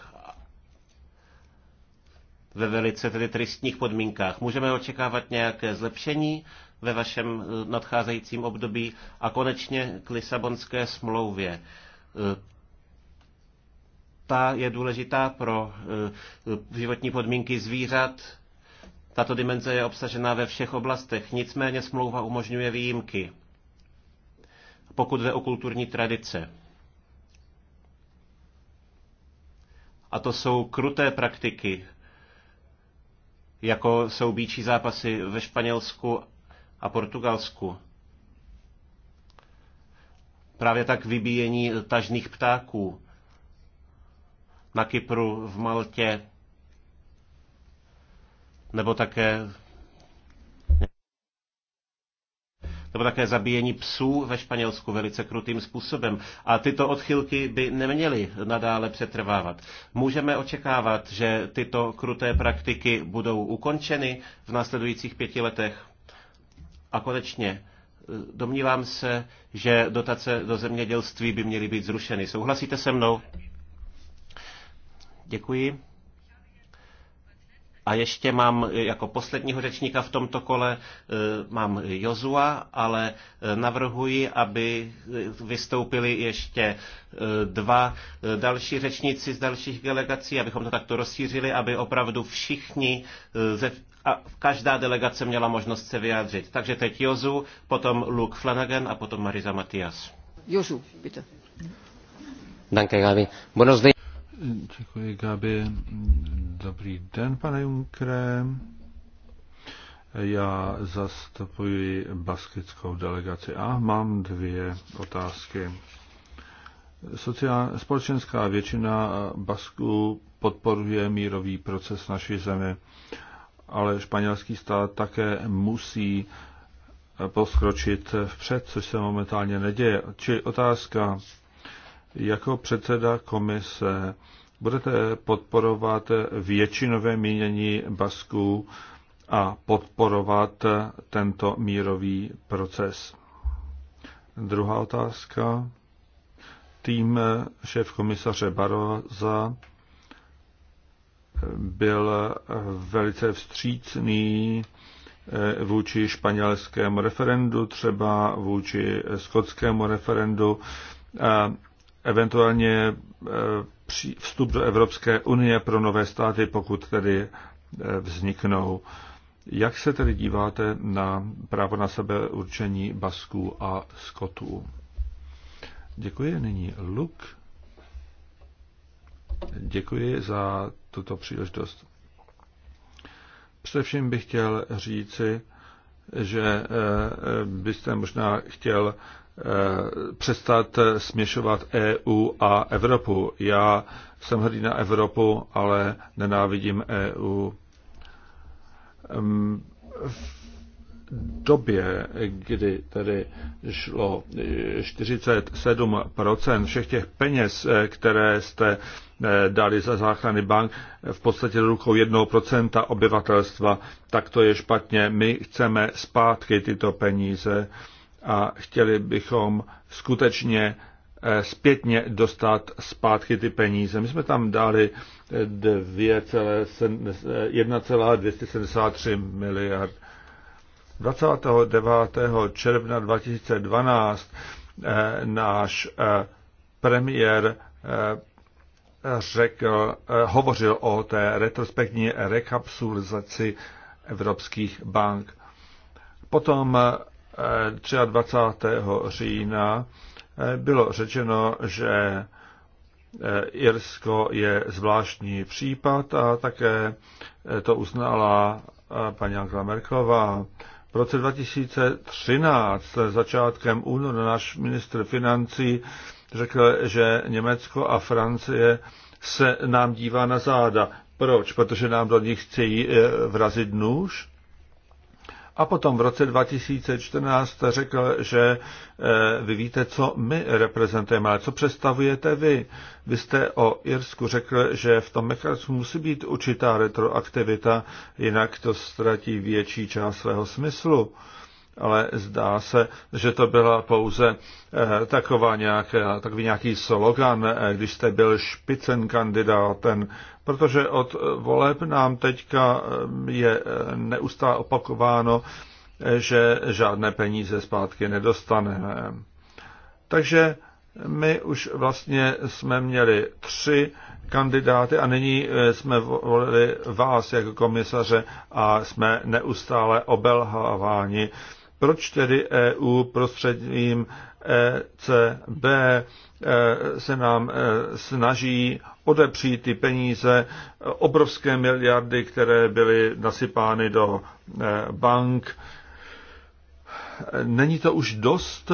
A: ve velice tedy tristních podmínkách. Můžeme očekávat nějaké zlepšení ve vašem eh, nadcházejícím období a konečně k Lisabonské smlouvě. Ta je důležitá pro životní podmínky zvířat, tato dimenze je obsažena ve všech oblastech, nicméně smlouva umožňuje výjimky, pokud jde o kulturní tradice. A to jsou kruté praktiky, jako jsou býčí zápasy ve Španělsku a Portugalsku. Právě tak vybíjení tažných ptáků na Kypru, v Maltě nebo také nebo také zabíjení psů ve Španělsku velice krutým způsobem. A tyto odchylky by neměly nadále přetrvávat. Můžeme očekávat, že tyto kruté praktiky budou ukončeny v následujících pěti letech. A konečně, domnívám se, že dotace do zemědělství by měly být zrušeny. Souhlasíte se mnou? Děkuji. A ještě mám eh, jako posledního řečníka v tomto kole, eh, mám Jozua, ale eh, navrhuji, aby vystoupili ještě dva další řečníci z dalších delegací, abychom to takto rozšířili, aby opravdu všichni ze, a každá delegace měla možnost se vyjádřit. Takže teď Jozu, potom Luke Flanagan a potom Marisa Matias.
B: Jozu, bitte.
A: Danke, Gabi. Buenos días. Děkuji, Gabi. Dobrý den,
B: pane Junkre. Já zastupuji baskickou delegaci a mám dvě otázky. Sociál, společenská většina Basku podporuje mírový proces naší zemi, ale španělský stát také musí poskročit vpřed, což se momentálně neděje. Čili otázka, jako předseda komise budete podporovat většinové mínění Basků a podporovat tento mírový proces. Druhá otázka. Tým šéf komisaře Baroza byl velice vstřícný vůči španělskému referendu, třeba vůči skotskému referendu eventuálně eh, vstup do Evropské unie pro nové státy, pokud tedy eh, vzniknou. Jak se tedy díváte na právo na sebe určení Basků a Skotů? Děkuji. Nyní Luk. Děkuji za tuto příležitost. Především bych chtěl říci, že eh, byste možná chtěl Eh, přestat směšovat EU a Evropu. Já jsem hrdý na Evropu, ale nenávidím EU. V době, kdy tedy šlo 47% eh, všech těch peněz, eh, které jste dali za záchrany bank, v podstatě do rukou 1% obyvatelstva, tak to je špatně. My chceme zpátky tyto peníze a chtěli bychom skutečně eh, zpětně dostat zpátky ty peníze. My jsme tam dali 1,273 eh, eh, miliard. 29. června 2012 náš premiér řekl, hovořil o té retrospektivní rekapsulizaci evropských bank. Potom 23. Eh, října eh, bylo řečeno, že eh, Irsko je zvláštní případ a také to uznala paní Angela Merklová. V roce 2013, začátkem února, náš ministr financí řekl, že Německo a Francie se nám dívá na záda. Proč? Protože nám do nich chtějí vrazit nůž? a potom v roce 2014 řekl, že e, vy víte, co my reprezentujeme, ale co představujete vy. Vy jste o Irsku řekl, že v tom mechanismu musí být určitá retroaktivita, jinak to ztratí větší část svého smyslu ale zdá se, že to byla pouze eh, taková nějaká, takový nějaký slogan, eh, když jste byl špicen kandidátem, protože od voleb nám teďka eh, je neustále opakováno, že žádné peníze zpátky nedostaneme. Takže my už vlastně jsme měli tři kandidáty a nyní jsme volili vás jako komisaře a jsme neustále obelháváni. Proč tedy EU prostředním ECB e, se nám e, snaží odepřít ty peníze, obrovské miliardy, které byly nasypány do e, bank, Není to už dost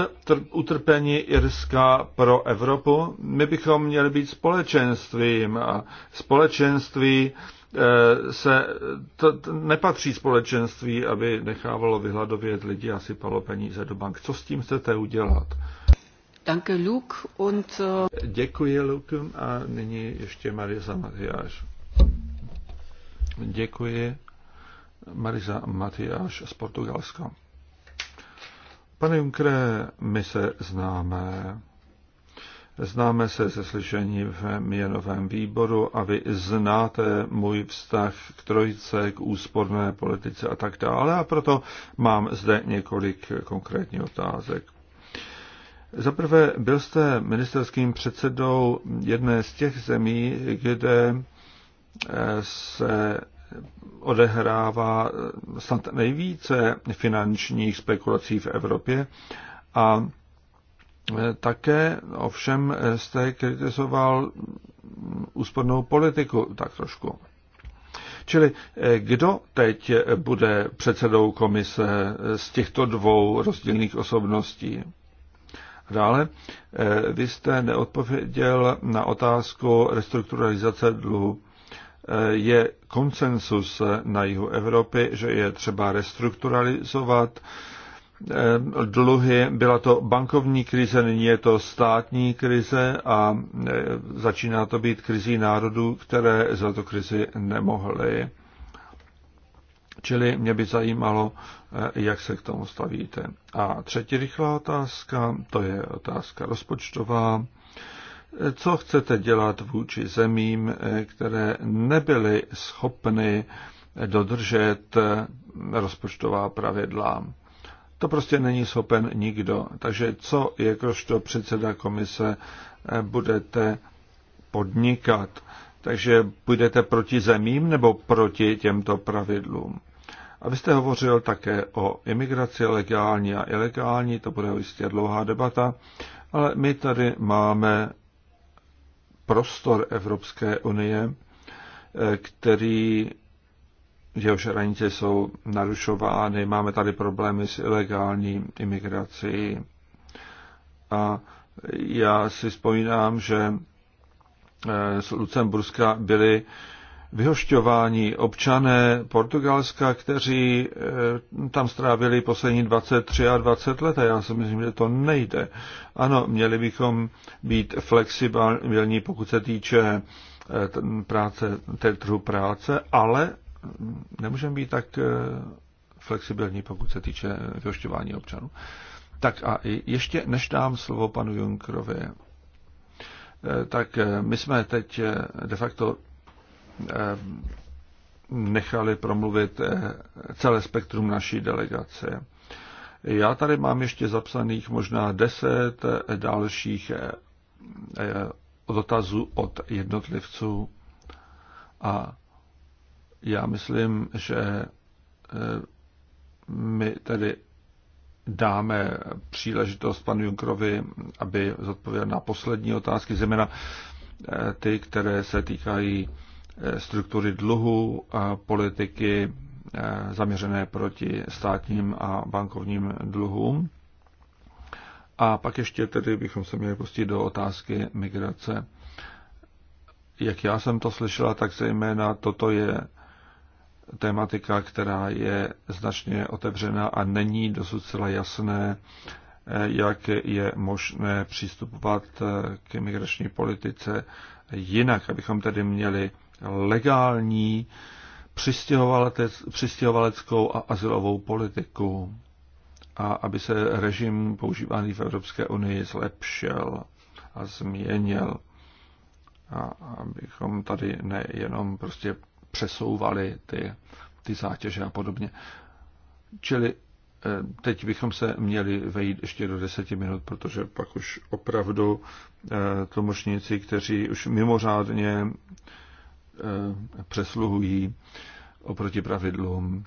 B: utrpení Irska pro Evropu? My bychom měli být společenstvím a společenství Eh, se to, to nepatří společenství, aby nechávalo vyhladovět lidi a sypalo peníze do bank. Co s tím chcete udělat? Danke, Luke. Und, uh... Děkuji, Luke. A nyní ještě Marisa Matiáš. Děkuji. Marisa Matiáš z Portugalska. Pane Junkre, my se známe Známe se ze slyšení v měnovém výboru a vy znáte můj vztah k trojce, k úsporné politice a tak dále a proto mám zde několik konkrétních otázek. Za prvé, byl jste ministerským předsedou jedné z těch zemí, kde eh, se odehrává snad nejvíce finančních spekulací v Evropě a Eh, také ovšem eh, jste kritizoval úspornou politiku tak trošku. Čili eh, kdo teď bude předsedou komise z těchto dvou rozdílných osobností? Dále, vy jste neodpověděl na otázku restrukturalizace dluhu. Je konsensus na jihu Evropy, že je třeba restrukturalizovat Eh, dluhy. Byla to bankovní krize, nyní je to státní krize a eh, začíná to být krizí národů, které za to krizi nemohly. Čili mě by zajímalo, eh, jak se k tomu stavíte. A třetí rychlá otázka, to je otázka rozpočtová. Co chcete dělat vůči zemím, které nebyly schopny dodržet rozpočtová pravidla? To prostě není schopen nikdo. Takže co jakožto předseda komise eh, budete podnikat? Takže půjdete proti zemím nebo proti těmto pravidlům? Abyste hovořil také o imigraci legální a ilegální, to bude jistě dlouhá debata, ale my tady máme prostor Evropské unie, eh, který jehož hranice jsou narušovány. Máme tady problémy s ilegální imigrací. A já si vzpomínám, že eh, z Lucemburska byli vyhošťováni občané Portugalska, kteří eh, tam strávili poslední 23 a 20 let a já si myslím, že to nejde. Ano, měli bychom být flexibilní, pokud se týče eh, práce, té trhu práce, ale nemůžeme být tak eh, flexibilní, pokud se týče eh, vyhošťování občanů. Tak a ještě než dám slovo panu Junkrovi, eh, tak my jsme teď de facto nechali promluvit celé spektrum naší delegace. Já tady mám ještě zapsaných možná deset dalších dotazů od jednotlivců a já myslím, že e, my tedy dáme příležitost panu Junkrovi, aby zodpověděl na poslední otázky, zejména e, ty, které se týkají e, struktury dluhu, politiky zaměřené proti státním a bankovním dluhům. A pak ještě tedy bychom se měli pustit do otázky migrace. Jak já jsem to slyšela, tak zejména toto je tématika, která je značně otevřená a není dosud celá jasné, eh, jak je možné přistupovat eh, k imigrační politice jinak, abychom tedy měli legální přistěhovaleckou a azylovou politiku a aby se režim používaný v Evropské unii zlepšil a změnil. A abychom tady nejenom prostě přesouvaly ty, ty zátěže a podobně. Čili eh, teď bychom se měli vejít ještě do deseti minut, protože pak už opravdu eh, tlumočníci, kteří už mimořádně eh, přesluhují oproti pravidlům,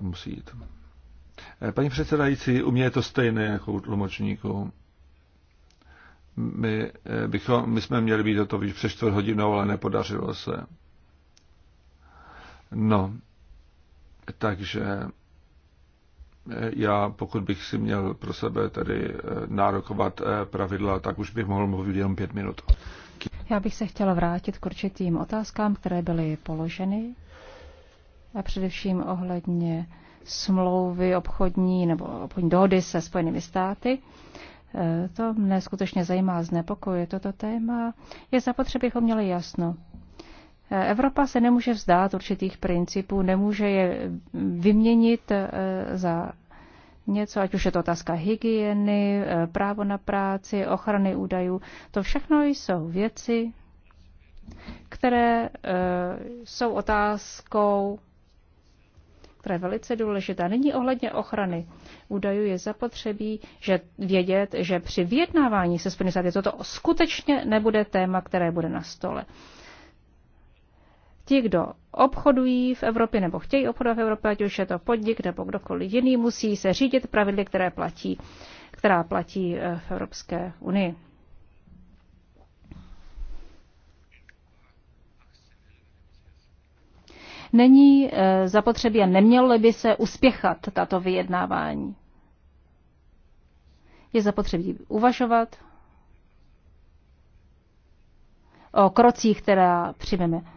B: musí jít. Paní předsedající, u mě je to stejné jako u tlumočníků. My, bychom, my jsme měli být toho přes čtvrt hodinou, ale nepodařilo se. No, takže eh, já, pokud bych si měl pro sebe tady eh, nárokovat eh, pravidla, tak už bych mohl mluvit jenom pět minut.
C: Já bych se chtěla vrátit k určitým otázkám, které byly položeny, a především ohledně smlouvy obchodní nebo obchodní dohody se Spojenými státy. To mne skutečně zajímá, znepokoje toto téma. Je zapotřebí, abychom měli jasno. Evropa se nemůže vzdát určitých principů, nemůže je vyměnit eh, za něco, ať už je to otázka hygieny, eh, právo na práci, ochrany údajů. To všechno jsou věci, které eh, jsou otázkou, která je velice důležitá. Není ohledně ochrany údajů je zapotřebí že vědět, že při vyjednávání se Spojenými státy toto skutečně nebude téma, které bude na stole ti, kdo obchodují v Evropě nebo chtějí obchodovat v Evropě, ať už je to podnik nebo kdokoliv jiný, musí se řídit pravidly, které platí, která platí eh, v Evropské unii. Není eh, zapotřebí a nemělo by se uspěchat tato vyjednávání. Je zapotřebí uvažovat o krocích, která přijmeme.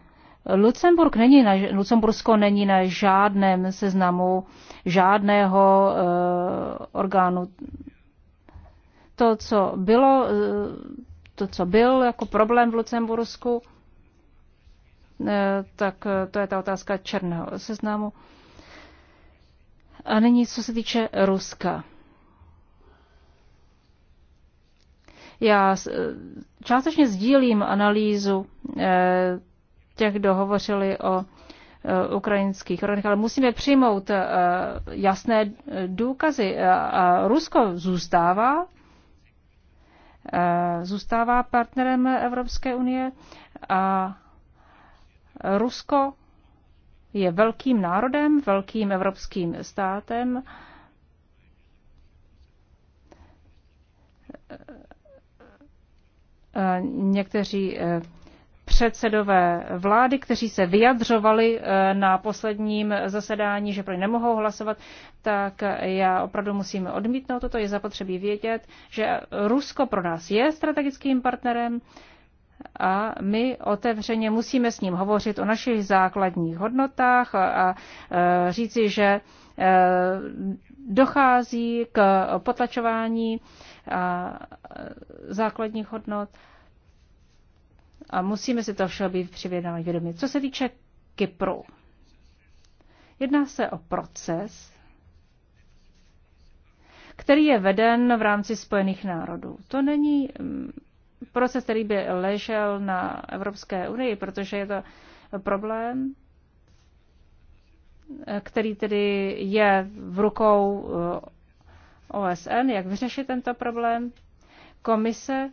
C: Lucemburg není na, Lucembursko není na žádném seznamu žádného uh, orgánu. To, co bylo, uh, to, co byl jako problém v Lucembursku, uh, tak uh, to je ta otázka černého seznamu. A nyní, co se týče Ruska. Já částečně sdílím analýzu těch, kdo hovořili o e, ukrajinských rodinách, ale musíme přijmout e, jasné e, důkazy. Rusko zůstává zůstává partnerem Evropské unie a Rusko je velkým národem, velkým evropským státem. Někteří předsedové vlády, kteří se vyjadřovali eh, na posledním zasedání, že pro ně nemohou hlasovat, tak já opravdu musím odmítnout toto. Je zapotřebí vědět, že Rusko pro nás je strategickým partnerem a my otevřeně musíme s ním hovořit o našich základních hodnotách a eh, říci, že eh, dochází k potlačování základních hodnot a musíme si to všeho být přivědomit vědomě. vědomí. Co se týče Kypru, jedná se o proces, který je veden v rámci Spojených národů. To není mm, proces, který by ležel na Evropské unii, protože je to problém, který tedy je v rukou eh, OSN, jak vyřešit tento problém. Komise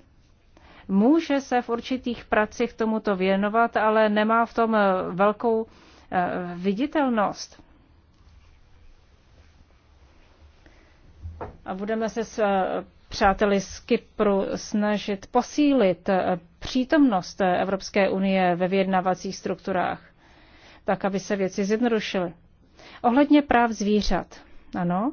C: Může se v určitých pracích tomuto věnovat, ale nemá v tom eh, velkou eh, viditelnost. A budeme se s eh, přáteli z Kypru snažit posílit přítomnost Evropské unie ve vyjednavacích strukturách, tak aby se věci zjednodušily. Ohledně práv zvířat. Ano,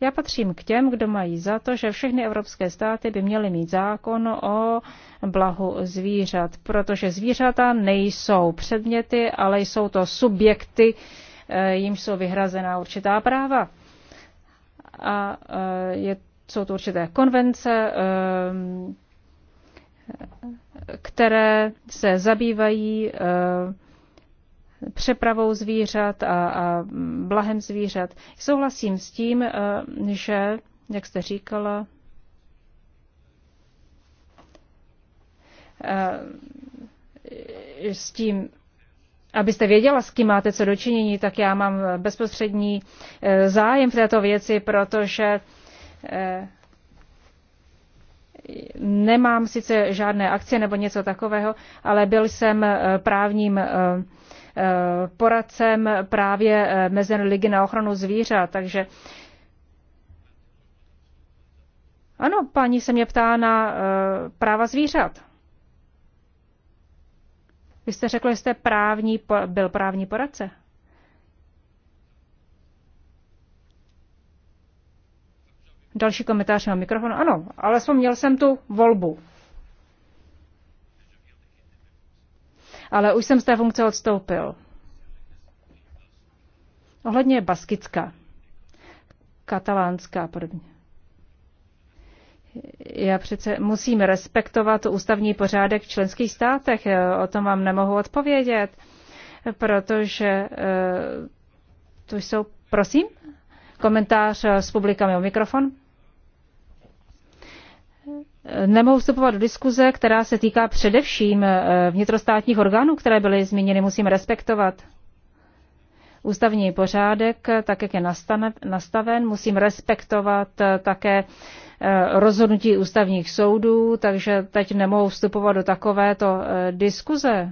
C: já patřím k těm, kdo mají za to, že všechny evropské státy by měly mít zákon o blahu zvířat, protože zvířata nejsou předměty, ale jsou to subjekty, eh, jim jsou vyhrazená určitá práva. A eh, je, jsou to určité konvence, eh, které se zabývají přepravou zvířat a, a blahem zvířat. Souhlasím s tím, eh, že, jak jste říkala, eh, s tím, abyste věděla, s kým máte co dočinění, tak já mám bezprostřední eh, zájem v této věci, protože nemám sice žádné akcie nebo něco takového, ale byl jsem právním Eh, poradcem právě eh, Mezinárodní ligy na ochranu zvířat, takže ano, paní se mě ptá na eh, práva zvířat. Vy jste řekl, že jste právní, byl právní poradce. Další komentář na mikrofon. Ano, ale měl jsem tu volbu. ale už jsem z té funkce odstoupil. Ohledně Baskicka, Katalánska a podobně. Já přece musím respektovat ústavní pořádek v členských státech, eh, o tom vám nemohu odpovědět, protože eh, to jsou, prosím, komentář eh, s publikami o mikrofon nemohu vstupovat do diskuze, která se týká především eh, vnitrostátních orgánů, které byly zmíněny, musím respektovat. Ústavní pořádek, eh, tak jak je nastaven, musím respektovat eh, také rozhodnutí ústavních soudů, takže teď nemohu vstupovat do takovéto diskuze,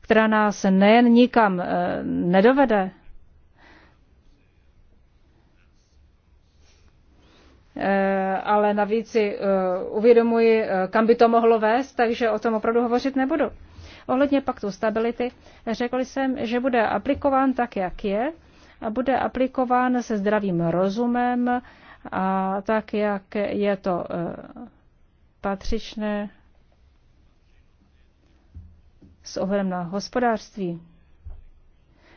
C: která nás nejen nikam nedovede, Eh, ale navíc si eh, uvědomuji, eh, kam by to mohlo vést, takže o tom opravdu hovořit nebudu. Ohledně paktu stability řekl jsem, že bude aplikován tak, jak je a bude aplikován se zdravým rozumem a tak, jak je to patřičné s ohledem na hospodářství.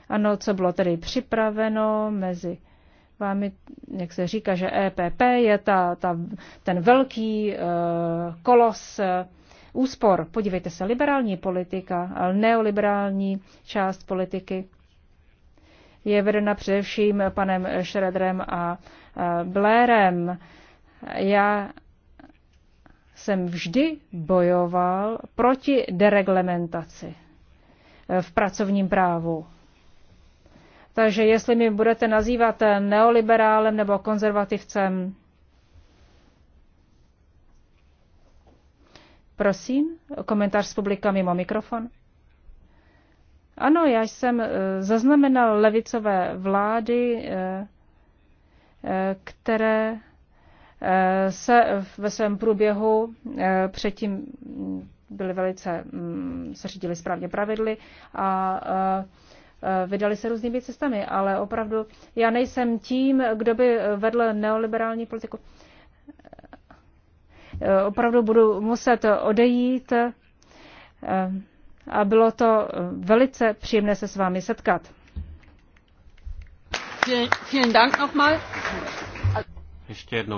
C: Ano, co bylo tedy připraveno mezi vámi, jak se říká, že EPP je ta, ta, ten velký uh, kolos uh, úspor. Podívejte se, liberální politika, ale neoliberální část politiky je vedena především panem Šredrem a uh, Blairem. Já jsem vždy bojoval proti dereglementaci v pracovním právu takže jestli mi budete nazývat neoliberálem nebo konzervativcem, Prosím, komentář z publika mimo mikrofon. Ano, já jsem eh, zaznamenal levicové vlády, eh, eh, které se ve svém průběhu předtím mm, byly velice, mm, se řídily správně pravidly a Eh, vydali se různými cestami, ale opravdu já nejsem tím, kdo by vedl neoliberální politiku. Eh, opravdu budu muset odejít eh, a bylo to velice příjemné se s vámi setkat.
B: Ještě jednou.